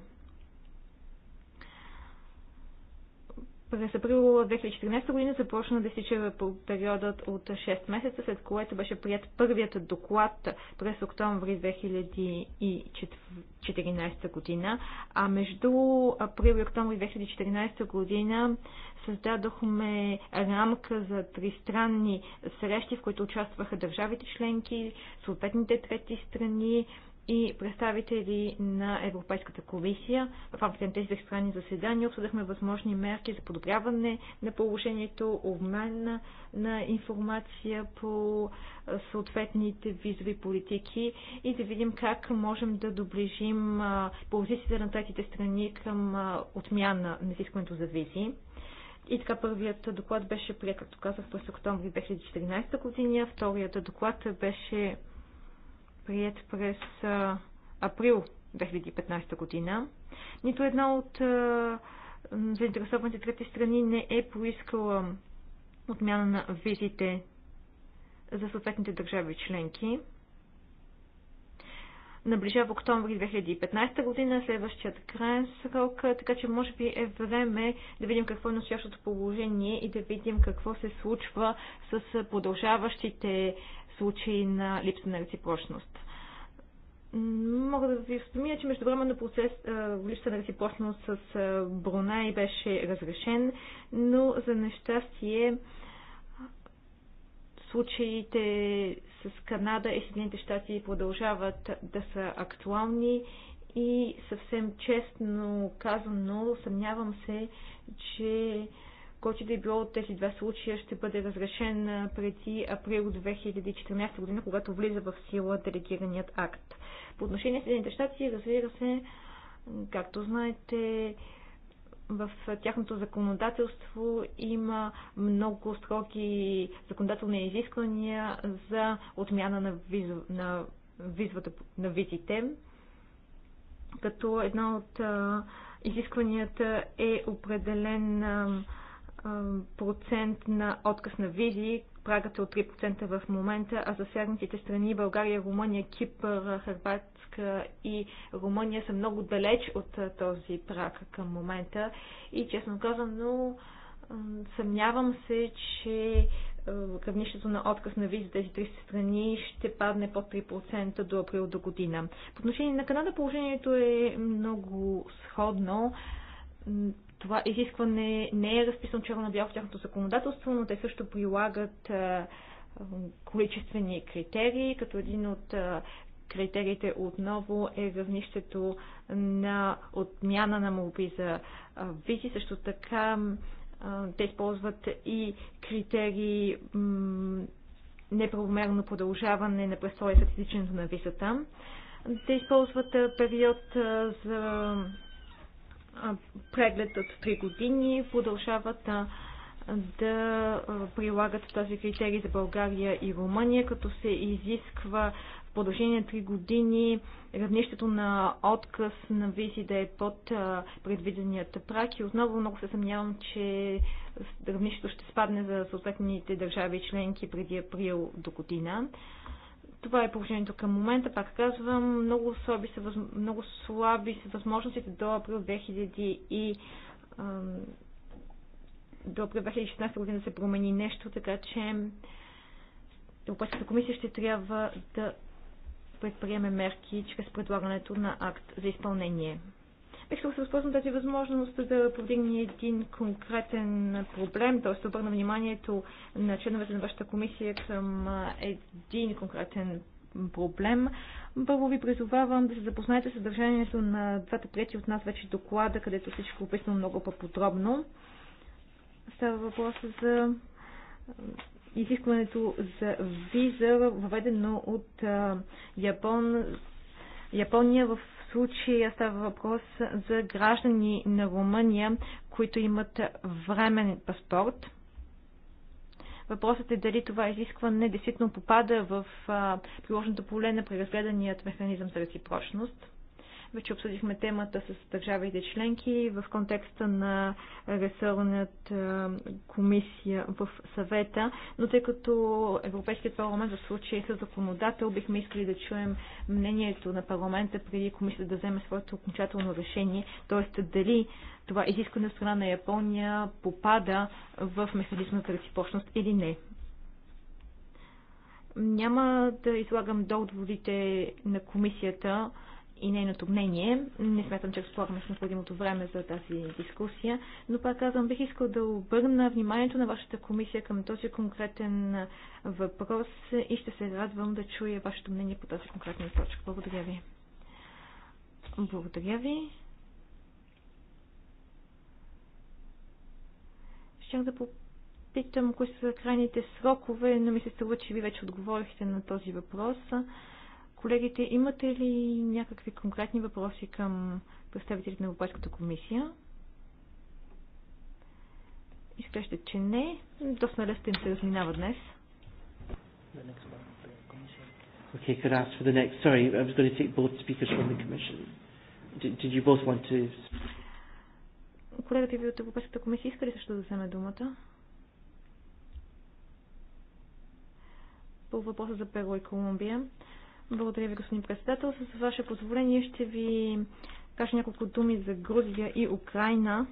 През април 2014 година започна да изтича периодът от 6 месеца, след което беше прият първият доклад през октомври 2014 година, а между април и октомври 2014 година създадохме рамка за тристранни срещи, в които участваха държавите членки, съответните трети страни, и представители на Европейската комисия. В рамките на тези страни заседания обсъдахме възможни мерки за подобряване на положението, обмен на информация по съответните визови политики и да видим как можем да доближим позициите на третите страни към отмяна на изискването за визи. И така първият доклад беше прият, както казах, през октомври 2014 година. Вторият доклад беше прият през април 2015 година. Нито една от заинтересованите трети страни не е поискала отмяна на визите за съответните държави членки. Наближава октомври 2015 година, следващият крайен срок, така че може би е време да видим какво е настоящото положение и да видим какво се случва с продължаващите случаи на липса на реципрочност. Мога да ви спомня, че междувременно процес липса на реципрочност с Брунай беше разрешен, но за нещастие случаите с Канада и Съединените щати продължават да са актуални и съвсем честно казано съмнявам се, че който да е било от тези два случая ще бъде разрешен преди април 2014 година, когато влиза в сила делегираният акт. По отношение на Съединените щати, разбира се, както знаете, в тяхното законодателство има много строги законодателни изисквания за отмяна на, виз, на, визвата, на визите, като една от изискванията е определен процент на отказ на визи. Прагът е от 3% в момента, а засягнатите страни България, Румъния, Кипър, Хърватска и Румъния са много далеч от този праг към момента. И честно казано, съмнявам се, че равнището на отказ на визи тези 30 страни ще падне под 3% до април до година. По отношение на Канада положението е много сходно това изискване не е разписано черно на бяло в тяхното законодателство, но те също прилагат количествени критерии, като един от критериите отново е равнището на отмяна на молби за визи. Също така те използват и критерии неправомерно продължаване на престоя с изличането на визата. Те използват период за преглед от 3 години, продължават да прилагат този критерий за България и Румъния, като се изисква в продължение на 3 години равнището на отказ на визи да е под предвиденият прак и отново много се съмнявам, че равнището ще спадне за съответните държави членки преди април до година. Това е положението към момента. Пак казвам, много слаби са, въз... много слаби са възможностите до април 2000 и до април 2016 година се промени нещо, така че Европейската комисия ще трябва да предприеме мерки чрез предлагането на акт за изпълнение. Искам да се възползвам тази възможност да повдигне един конкретен проблем, т.е. да обърна вниманието на членовете на вашата комисия към един конкретен проблем. Първо ви призовавам да се запознаете с съдържанието на двата трети от нас вече доклада, където всичко е описано много по-подробно. Става въпрос за изискването за виза, въведено от Япон, Япония в случай става въпрос за граждани на Румъния, които имат временен паспорт. Въпросът е дали това изискване действително попада в приложното поле на преразгледаният механизъм за реципрочност. Вече обсъдихме темата с държавите членки в контекста на ресорната комисия в съвета, но тъй като Европейският парламент в случай е с законодател, бихме искали да чуем мнението на парламента преди комисията да вземе своето окончателно решение, т.е. дали това изискване страна на Япония попада в механизмата реципочност или не. Няма да излагам доводите на комисията и нейното мнение. Не смятам, че разполагаме с необходимото време за тази дискусия, но пак казвам, бих искал да обърна вниманието на вашата комисия към този конкретен въпрос и ще се радвам да чуя вашето мнение по тази конкретна точка. Благодаря ви. Благодаря ви. Щях да попитам кои са крайните срокове, но ми се струва, че ви вече отговорихте на този въпрос. Колегите, имате ли някакви конкретни въпроси към представителите на Европейската комисия? Изглежда, че не. Доста лесно им се разминава днес. Okay, could I ask for the next? Sorry, I was going to take both speakers from the Commission. Did, did you both want to? Колегата ви от Европейската комисия иска ли също да вземе думата? По въпроса за Перу и Колумбия. Благодаря ви, господин председател. С ваше позволение ще ви кажа няколко думи за Грузия и Украина,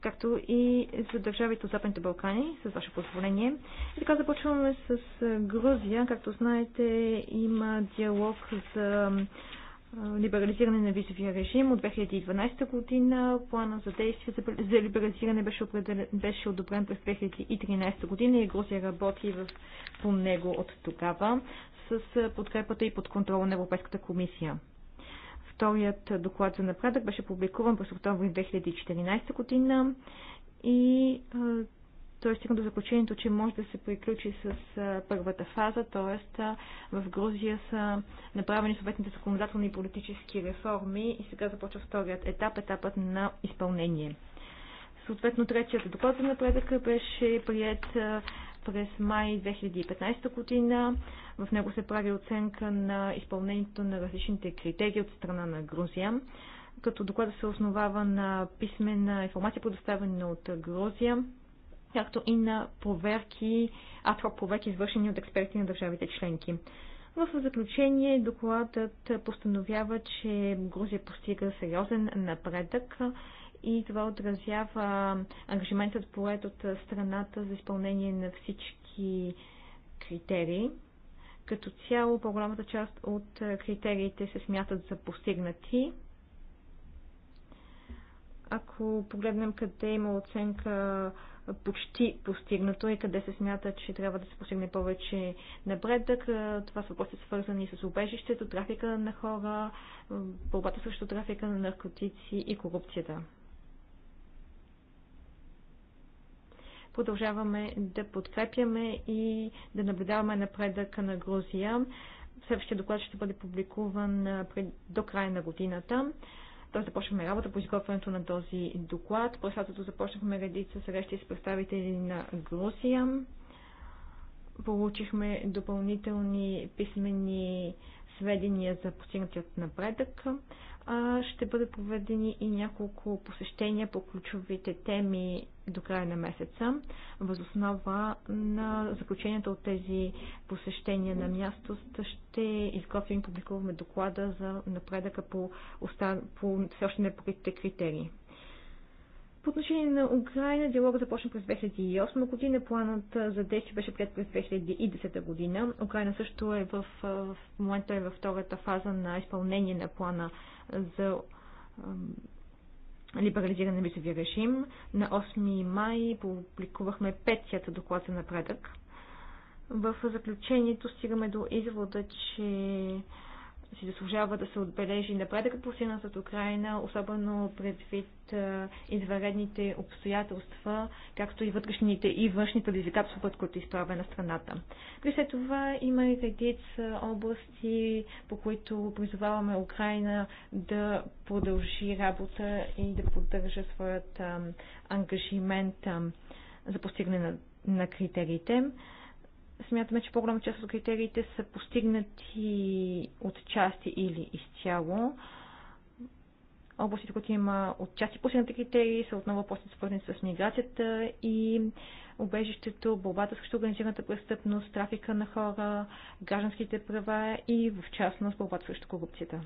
както и за държавите от Западните Балкани, с ваше позволение. И така започваме с Грузия. Както знаете, има диалог за либерализиране на визовия режим от 2012 година. Плана за действие за, либерализиране беше, определен, беше одобрен през 2013 година и Грузия работи в, по него от тогава с подкрепата и под контрола на Европейската комисия. Вторият доклад за напредък беше публикуван през октомври 2014 година и той стигна до заключението, че може да се приключи с първата фаза, т.е. в Грузия са направени съответните законодателни и политически реформи и сега започва вторият етап, етапът на изпълнение. Съответно, третият доклад за напредъка беше прият през май 2015 година. В него се прави оценка на изпълнението на различните критерии от страна на Грузия като доклада се основава на писмена информация, предоставена от Грузия както и на проверки, атрок проверки, извършени от експерти на държавите членки. В заключение докладът постановява, че Грузия постига сериозен напредък и това отразява ангажиментът поред от страната за изпълнение на всички критерии. Като цяло, по-голямата част от критериите се смятат за постигнати. Ако погледнем къде има оценка почти постигнато и къде се смята, че трябва да се постигне повече напредък. Е, това са въпроси свързани с убежището, трафика на хора, е, борбата срещу трафика на наркотици и корупцията. Продължаваме да подкрепяме и да наблюдаваме напредъка на Грузия. Следващия доклад ще бъде публикуван е, до края на годината. Тоест започваме работа по изготвянето на този доклад. През лятото започнахме редица срещи с представители на Грусия. Получихме допълнителни писмени сведения за постигнатият напредък ще бъде проведени и няколко посещения по ключовите теми до края на месеца. Възоснова на заключението от тези посещения на място ще изготвим и публикуваме доклада за напредъка по, остан... по все още непокритите критерии. По отношение на Украина, диалогът започна през 2008 година, планът за действие беше прият през 2010 година. Украина също е в, в момента е във втората фаза на изпълнение на плана за либерализиране на визовия режим. На 8 май публикувахме петият доклад за напредък. В заключението стигаме до извода, че си заслужава да се отбележи напредъкът постигнат от Украина, особено предвид изваредните обстоятелства, както и вътрешните и външни предизвикателства, пред които е изправя на страната. При след това има и редица области, по които призоваваме Украина да продължи работа и да поддържа своят ангажимент за постигане на, на критериите смятаме, че по-голяма част от критериите са постигнати от части или изцяло. Областите, които има от части постигнати критерии, са отново после свързани с миграцията и убежището, борбата срещу организираната престъпност, трафика на хора, гражданските права и в частност борбата срещу корупцията.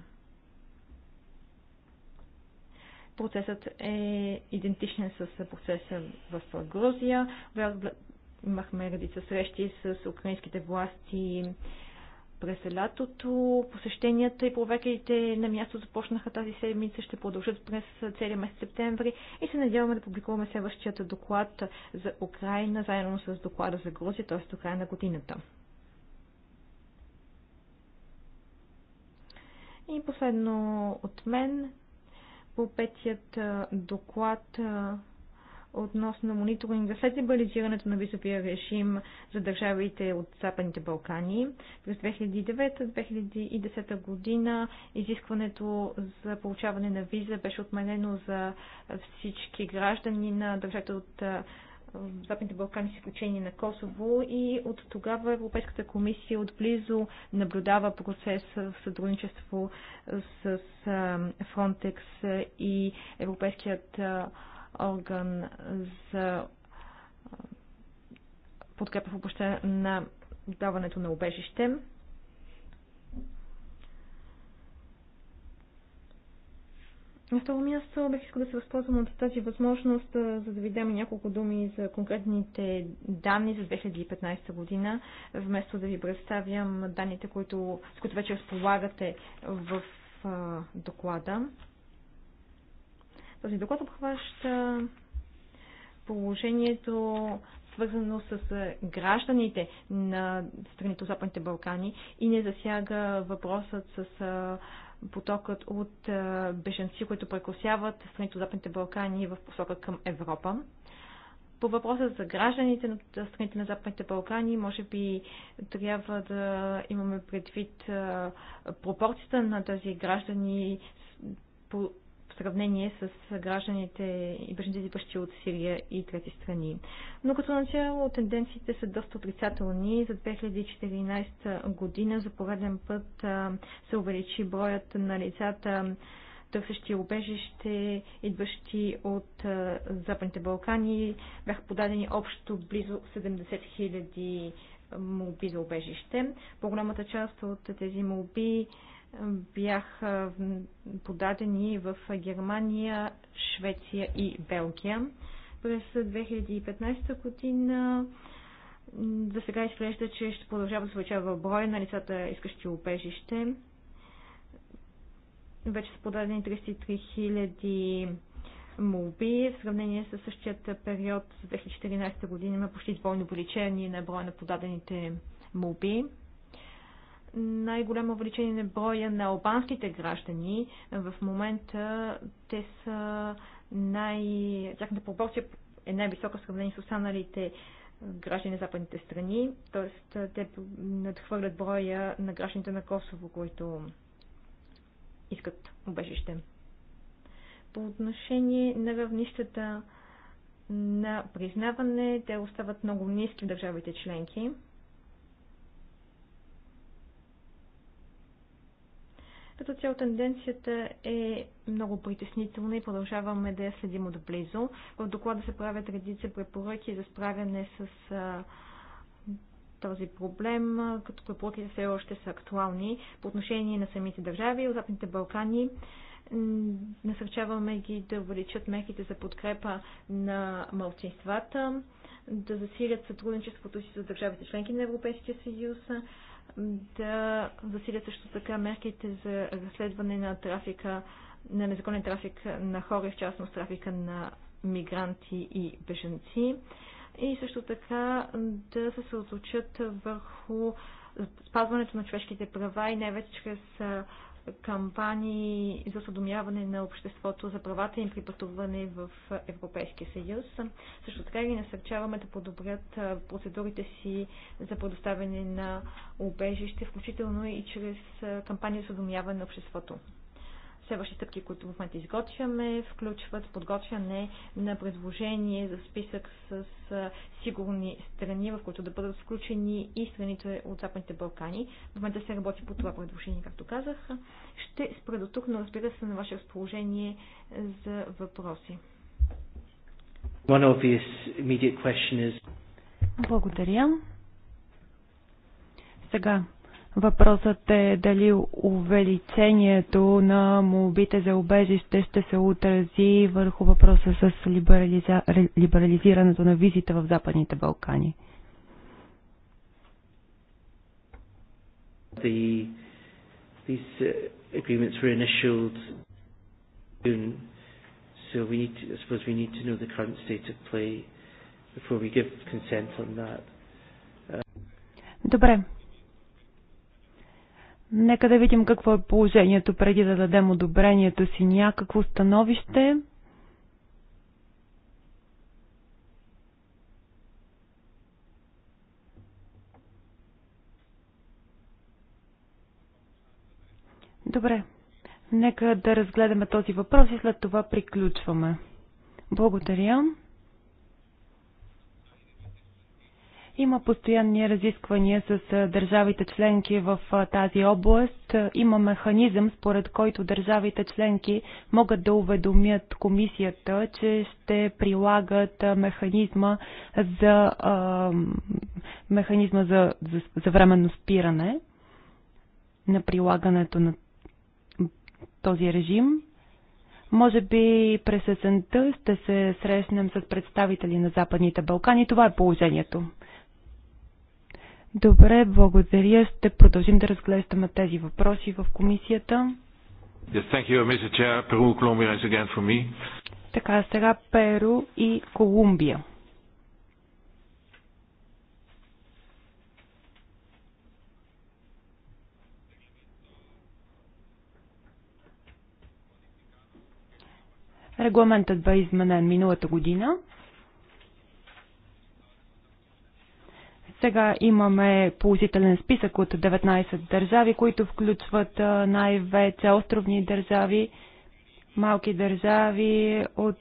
Процесът е идентичен с процеса в Грузия. Имахме редица срещи с украинските власти през лятото. Посещенията и проверките на място започнаха тази седмица, ще продължат през целия месец септември и се надяваме да публикуваме следващият доклад за Украина, заедно с доклада за Грузия, т.е. до края на годината. И последно от мен по петият доклад относно мониторинга след либерализирането на визовия режим за държавите от Западните Балкани. През 2009-2010 година изискването за получаване на виза беше отменено за всички граждани на държавите от Западните Балкани с изключение на Косово и от тогава Европейската комисия отблизо наблюдава процес в сътрудничество с Frontex и Европейският орган за подкрепа в обща на даването на убежище. На второ място бих искал да се възползвам от тази възможност, за да ви дам няколко думи за конкретните данни за 2015 година, вместо да ви представям данните, които, с които вече разполагате в а, доклада. Този доклад обхваща положението свързано с гражданите на страните от Западните Балкани и не засяга въпросът с потокът от беженци, които прекосяват страните от Западните Балкани в посока към Европа. По въпроса за гражданите на страните на Западните Балкани, може би трябва да имаме предвид пропорцията на тези граждани по в сравнение с гражданите и бежанците от Сирия и трети страни. Но като начало тенденциите са доста отрицателни. За 2014 година за пореден път се увеличи броят на лицата, търсещи обежище, идващи от Западните Балкани. Бяха подадени общо близо 70 000 молби за убежище. По-голямата част от тези молби бяха подадени в Германия, Швеция и Белгия. През 2015 година за сега изглежда, че ще продължава да се в броя на лицата искащи убежище. Вече са подадени 33 000 молби. В сравнение с същият период за 2014 година има почти двойно увеличение на броя на подадените молби. Най-голямо увеличение на броя на албанските граждани. В момента те са най... Тяхната пропорция е най-висока в сравнение с останалите граждани на западните страни, т.е. те надхвърлят броя на гражданите на Косово, които искат убежище. По отношение на равнищата на признаване, те остават много ниски в държавите членки. Като цяло тенденцията е много притеснителна и продължаваме да я следим отблизо. В доклада се правят редица препоръки за справяне с а, този проблем, като препоръките все още са актуални по отношение на самите държави, Западните Балкани. Насърчаваме ги да увеличат мерките за подкрепа на малцинствата, да засилят сътрудничеството си с държавите членки на Европейския съюз, да засилят също така мерките за разследване на трафика, на незаконен трафик на хора, в частност трафика на мигранти и беженци. И също така да се съоточат върху спазването на човешките права и най-вече чрез кампании за съдомяване на обществото за правата им при пътуване в Европейския съюз. Също така ги насърчаваме да подобрят процедурите си за предоставяне на убежище, включително и чрез кампания за съдомяване на обществото. Следващите стъпки, които в момента изготвяме, включват подготвяне на предложение за списък с сигурни страни, в които да бъдат включени и страните от Западните Балкани. В момента се работи по това предложение, както казах. Ще спра до тук, но разбира се на ваше разположение за въпроси. Благодаря. Сега Въпросът е дали увеличението на молбите за обежище ще се отрази върху въпроса с либерализа... либерализирането на визите в Западните Балкани. The, these uh, agreements were initialed so we need to, I suppose we need to know the current state of play before we give consent on that. Uh, Добре, Нека да видим какво е положението преди да дадем одобрението си някакво становище. Добре. Нека да разгледаме този въпрос и след това приключваме. Благодаря. Има постоянни разисквания с държавите членки в тази област. Има механизъм, според който държавите членки могат да уведомят комисията, че ще прилагат механизма за, а, механизма за, за, за временно спиране на прилагането на този режим. Може би през есента ще се срещнем с представители на Западните Балкани. Това е положението. Добре, благодаря. Ще продължим да разглеждаме тези въпроси в комисията. Yes, thank you, Mr. Chair. Peru, Colombia is again for me. Така, сега Перу и Колумбия. Регламентът бе изменен миналата година. Сега имаме положителен списък от 19 държави, които включват най-вече островни държави, малки държави от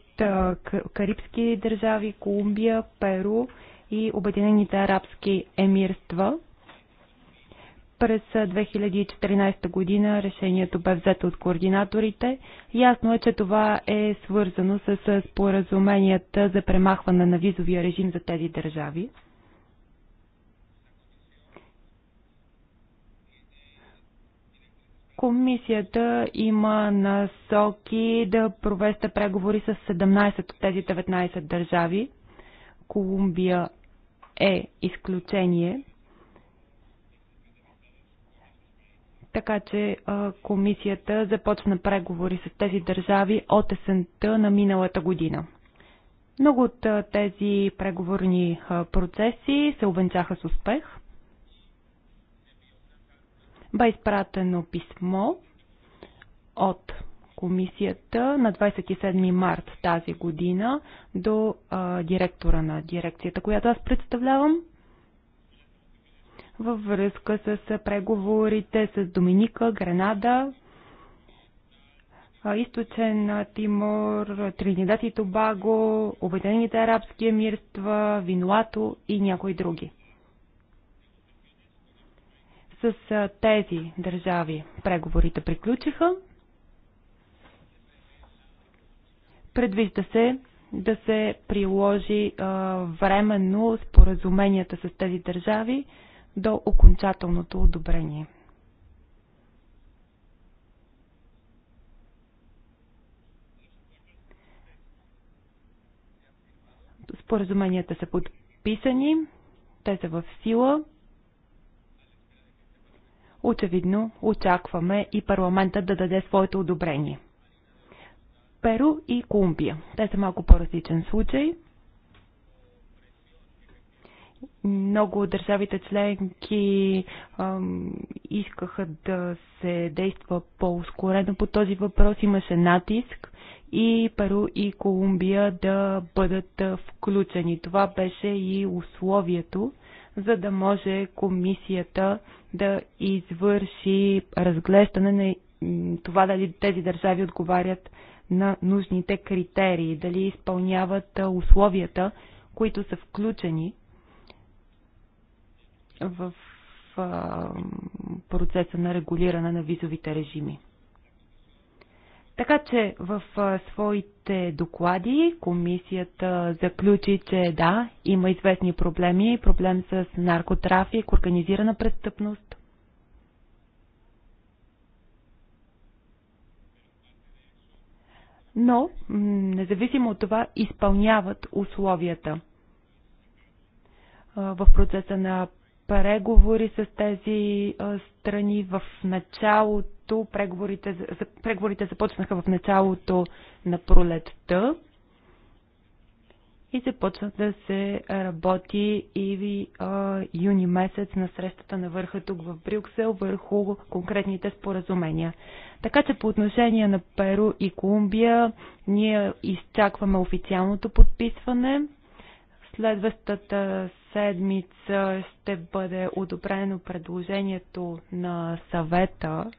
карибски държави, Колумбия, Перу и Обединените арабски емирства. През 2014 година решението бе взето от координаторите. Ясно е, че това е свързано с споразуменията за премахване на визовия режим за тези държави. Комисията има насоки да провеста преговори с 17 от тези 19 държави. Колумбия е изключение. Така че комисията започна преговори с тези държави от есента на миналата година. Много от тези преговорни процеси се увенчаха с успех – бе изпратено писмо от комисията на 27 март тази година до а, директора на дирекцията, която аз представлявам, във връзка с преговорите с Доминика, Гренада, Източен Тимор, Тринидад и Тобаго, Обединените арабски емирства, Винуато и някои други с тези държави преговорите приключиха. Предвижда се да се приложи временно споразуменията с тези държави до окончателното одобрение. Споразуменията са подписани, те са в сила Очевидно очакваме и парламента да даде своето одобрение. Перу и Колумбия. Те са малко по-различен случай. Много от държавите членки ам, искаха да се действа по-ускорено по този въпрос. Имаше натиск и Перу и Колумбия да бъдат включени. Това беше и условието за да може комисията да извърши разглеждане на това дали тези държави отговарят на нужните критерии, дали изпълняват условията, които са включени в процеса на регулиране на визовите режими. Така че в своите доклади комисията заключи, че да, има известни проблеми, проблем с наркотрафик, организирана престъпност. Но, независимо от това, изпълняват условията в процеса на преговори с тези страни в началото. Преговорите, преговорите започнаха в началото на пролетта и започна да се работи и в юни месец на срещата на върха тук в Брюксел върху конкретните споразумения. Така че по отношение на Перу и Колумбия ние изчакваме официалното подписване Следващата седмица ще бъде одобрено предложението на съвета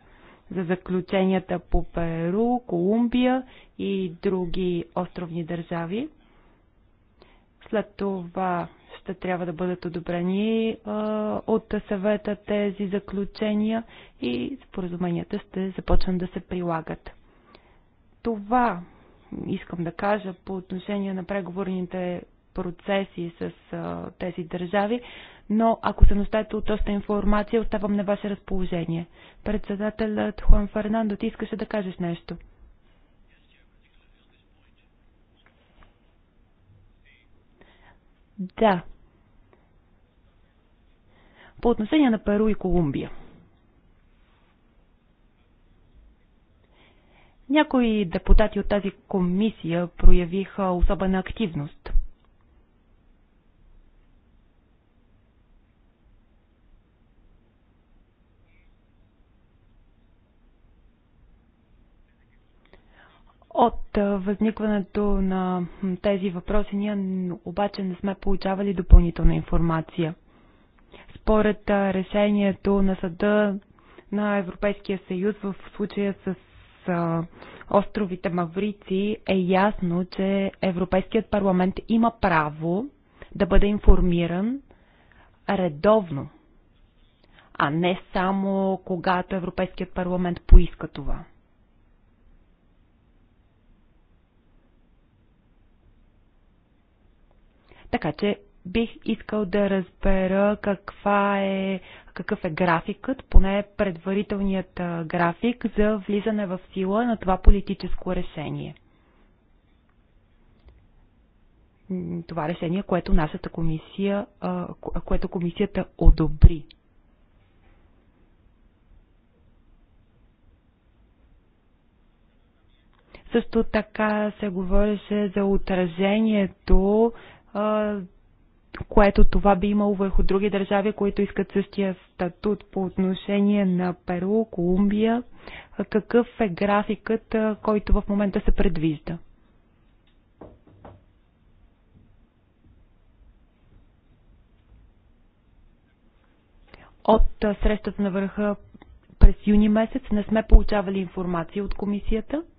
за заключенията по Перу, Колумбия и други островни държави. След това ще трябва да бъдат одобрени а, от съвета тези заключения и споразуменията ще започнат да се прилагат. Това искам да кажа по отношение на преговорните процеси с а, тези държави, но ако се нуждаете от доста информация, оставам на ваше разположение. Председателят Хуан Фернандо, ти искаше да кажеш нещо. Да. По отношение на Перу и Колумбия. Някои депутати от тази комисия проявиха особена активност. възникването на тези въпроси ние обаче не сме получавали допълнителна информация. Според решението на съда на Европейския съюз в случая с островите Маврици е ясно, че Европейският парламент има право да бъде информиран редовно, а не само когато Европейският парламент поиска това. Така че бих искал да разбера каква е, какъв е графикът, поне предварителният график за влизане в сила на това политическо решение. Това решение, което нашата комисия, което комисията одобри. Също така се говореше за отражението което това би имало върху други държави, които искат същия статут по отношение на Перу, Колумбия. Какъв е графикът, който в момента се предвижда? От срещата на върха през юни месец не сме получавали информация от комисията –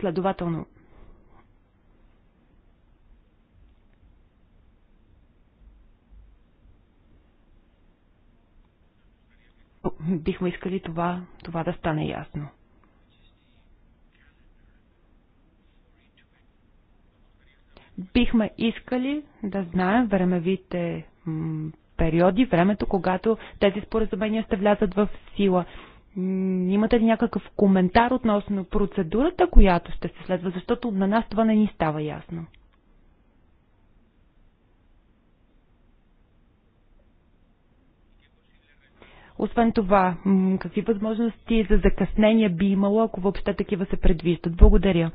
Следователно, бихме искали това, това да стане ясно. Бихме искали да знаем времевите периоди, времето, когато тези споразумения ще влязат в сила. Имате ли някакъв коментар относно процедурата, която ще се следва, защото на нас това не ни става ясно? Освен това, какви възможности за закъснение би имало, ако въобще такива се предвиждат? Благодаря.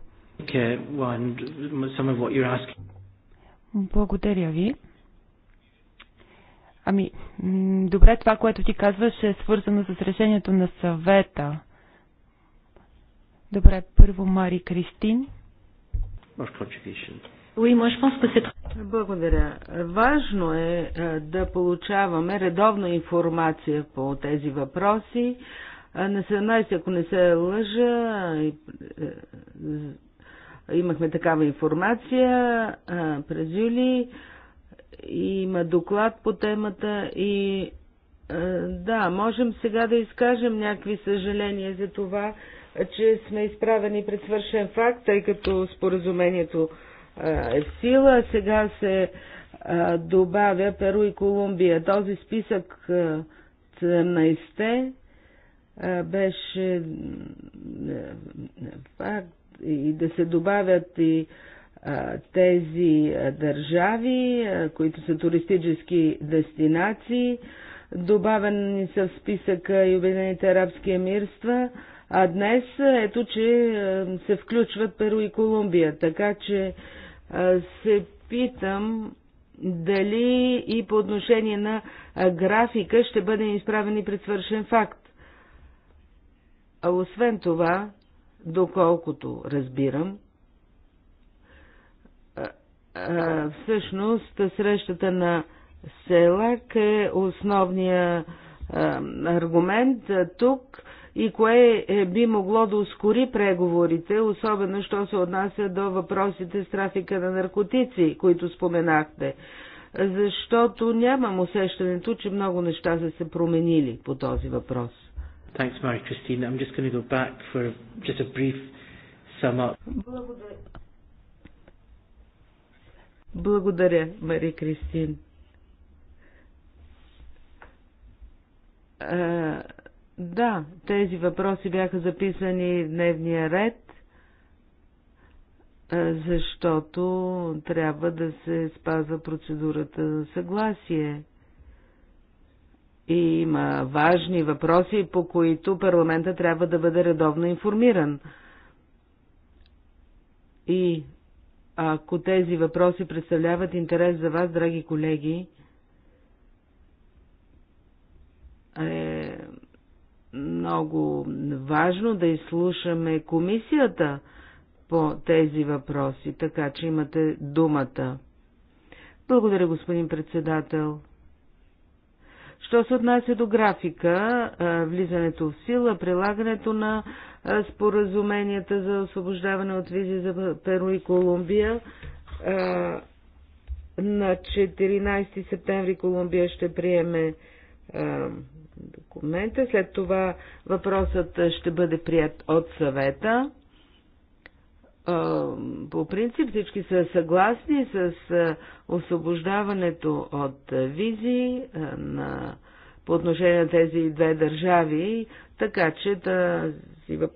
Благодаря ви. Ами, добре, това, което ти казваш, е свързано с решението на съвета. Добре, първо Мари Кристин. Благодаря. Важно е да получаваме редовна информация по тези въпроси. На 17, ако не се лъжа, е, имахме такава информация през юли има доклад по темата и е, да, можем сега да изкажем някакви съжаления за това, че сме изправени пред свършен факт, тъй като споразумението е, е в сила, сега се е, добавя Перу и Колумбия. Този списък 17-те беше факт и да се добавят и тези държави, които са туристически дестинации. Добавени са в списъка и Обединените арабски емирства, а днес ето, че се включват Перу и Колумбия. Така че се питам дали и по отношение на графика ще бъдем изправени пред свършен факт. А освен това, доколкото разбирам, всъщност срещата на СЕЛАК е основния аргумент тук и кое е, би могло да ускори преговорите, особено що се отнася до въпросите с трафика на наркотици, които споменахте. Защото нямам усещането, че много неща са се променили по този въпрос. Благодаря. Благодаря, Мари Кристин. А, да, тези въпроси бяха записани в дневния ред, защото трябва да се спазва процедурата за съгласие. И има важни въпроси, по които парламента трябва да бъде редовно информиран. И ако тези въпроси представляват интерес за вас, драги колеги, е много важно да изслушаме комисията по тези въпроси, така че имате думата. Благодаря, господин председател. Що се отнася до графика, е, влизането в сила, прилагането на споразуменията за освобождаване от визи за Перу и Колумбия. На 14 септември Колумбия ще приеме документа. След това въпросът ще бъде прият от съвета. По принцип всички са съгласни с освобождаването от визи на, по отношение на тези две държави, така че да, този въп...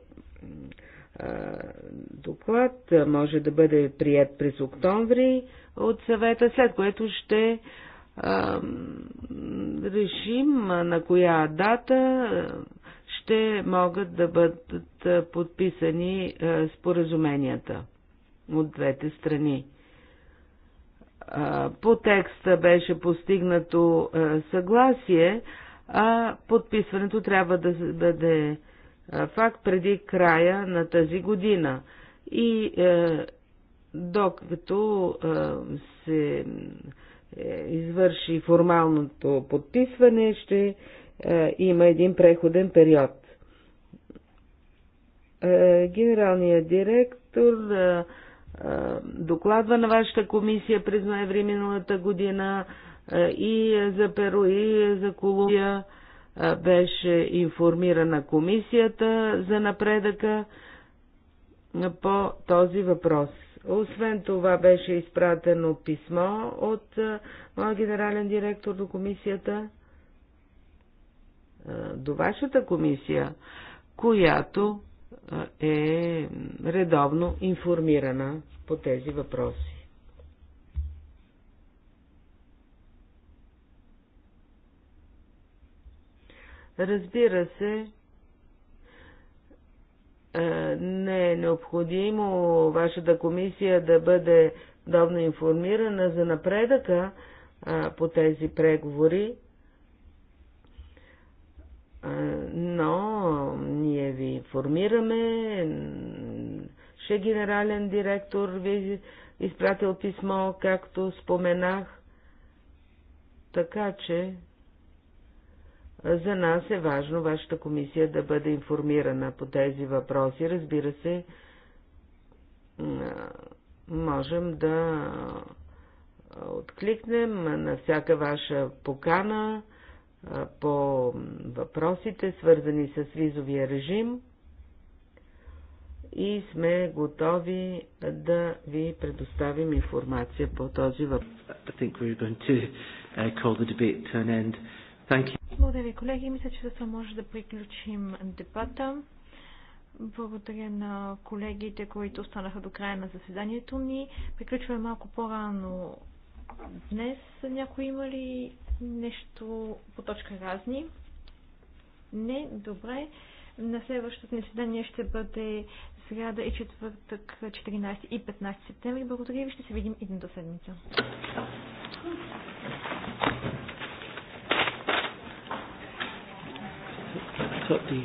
доклад може да бъде прият през октомври от съвета, след което ще решим на коя дата ще могат да бъдат подписани споразуменията от двете страни. По текста беше постигнато съгласие, а подписването трябва да бъде факт преди края на тази година. И е, докато е, се е, извърши формалното подписване, ще е, има един преходен период. Е, генералният директор е, е, докладва на вашата комисия през ноември миналата година е, и е, за Перу, и е, за Колумбия. Е, беше информирана комисията за напредъка по този въпрос. Освен това беше изпратено писмо от моя генерален директор до комисията, до вашата комисия, която е редовно информирана по тези въпроси. Разбира се, не е необходимо вашата комисия да бъде давно информирана за напредъка по тези преговори, но ние ви информираме. Ще генерален директор ви изпратил писмо, както споменах, така че за нас е важно вашата комисия да бъде информирана по тези въпроси. Разбира се, можем да откликнем на всяка ваша покана по въпросите, свързани с визовия режим и сме готови да ви предоставим информация по този въпрос. Благодаря ви, колеги. Мисля, че това може да приключим дебата. Благодаря на колегите, които останаха до края на заседанието ни. Приключваме малко по-рано днес. Някой има ли нещо по точка разни? Не? Добре. На следващото ни заседание ще бъде сряда и четвъртък, 14 и 15 септември. Благодаря ви. Ще се видим идната седмица. got the